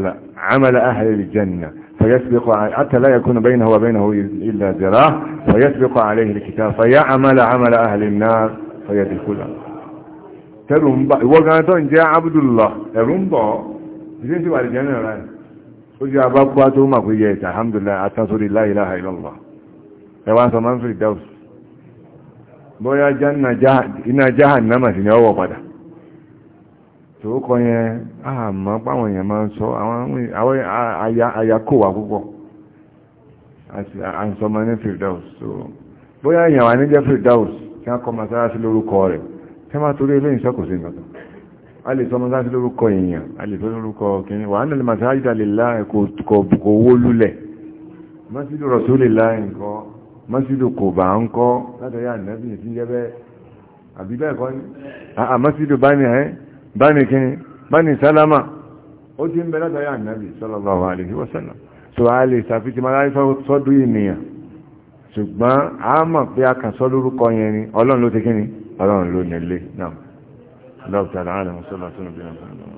láyà فيسبق حتى لا يكون بينه وبينه إلا ذراع فيسبق عليه الكتاب فيعمل عمل أهل النار فيدخلها ترنبا تون جاء عبد الله ترنبا زين بعد الجنة الآن وجاء بابواته ما في جيتا الحمد لله أتنصر لا إله إلا الله رواه من في الدوس bóyá iná jahannama sí ni ọwọ́ padà tòókọ yẹn àmọ́ páwọn èèyàn máa ń sọ àwọn àyàkówà púpọ̀ àǹsọmọ ní firdaus so bóyá èèyàn wà ní jẹ́ firdaus tí a kọ masáàsí lórúkọ rẹ̀ tí a máa torí ilé ìṣọ́kùsí nǹkan a lè sọ masáàsí lórúkọ èèyàn a lè sọ lórúkọ kìíní wà nílùú masáàsí dalè láì kò wó lulẹ̀ mọ́sílù rọ̀súlì láì nǹkan mọ́sídò kò bá ń kọ́ látàrí ànábì ní tíyẹ́ bẹ́ẹ̀ àbí bẹ́ẹ̀ kọ́ ní àà mọ́sídò bá ní ẹ́ kíni bá sálámà ó ti ń bẹ ànábì tó a lè ṣàfihàn máa sọ́dú ènìyàn ṣùgbọ́n a mọ̀ pé a kàn sọ lórúkọ yẹn ni ọlọ́run ló ti kíni ọlọ́run ló nílé náà sọ́lá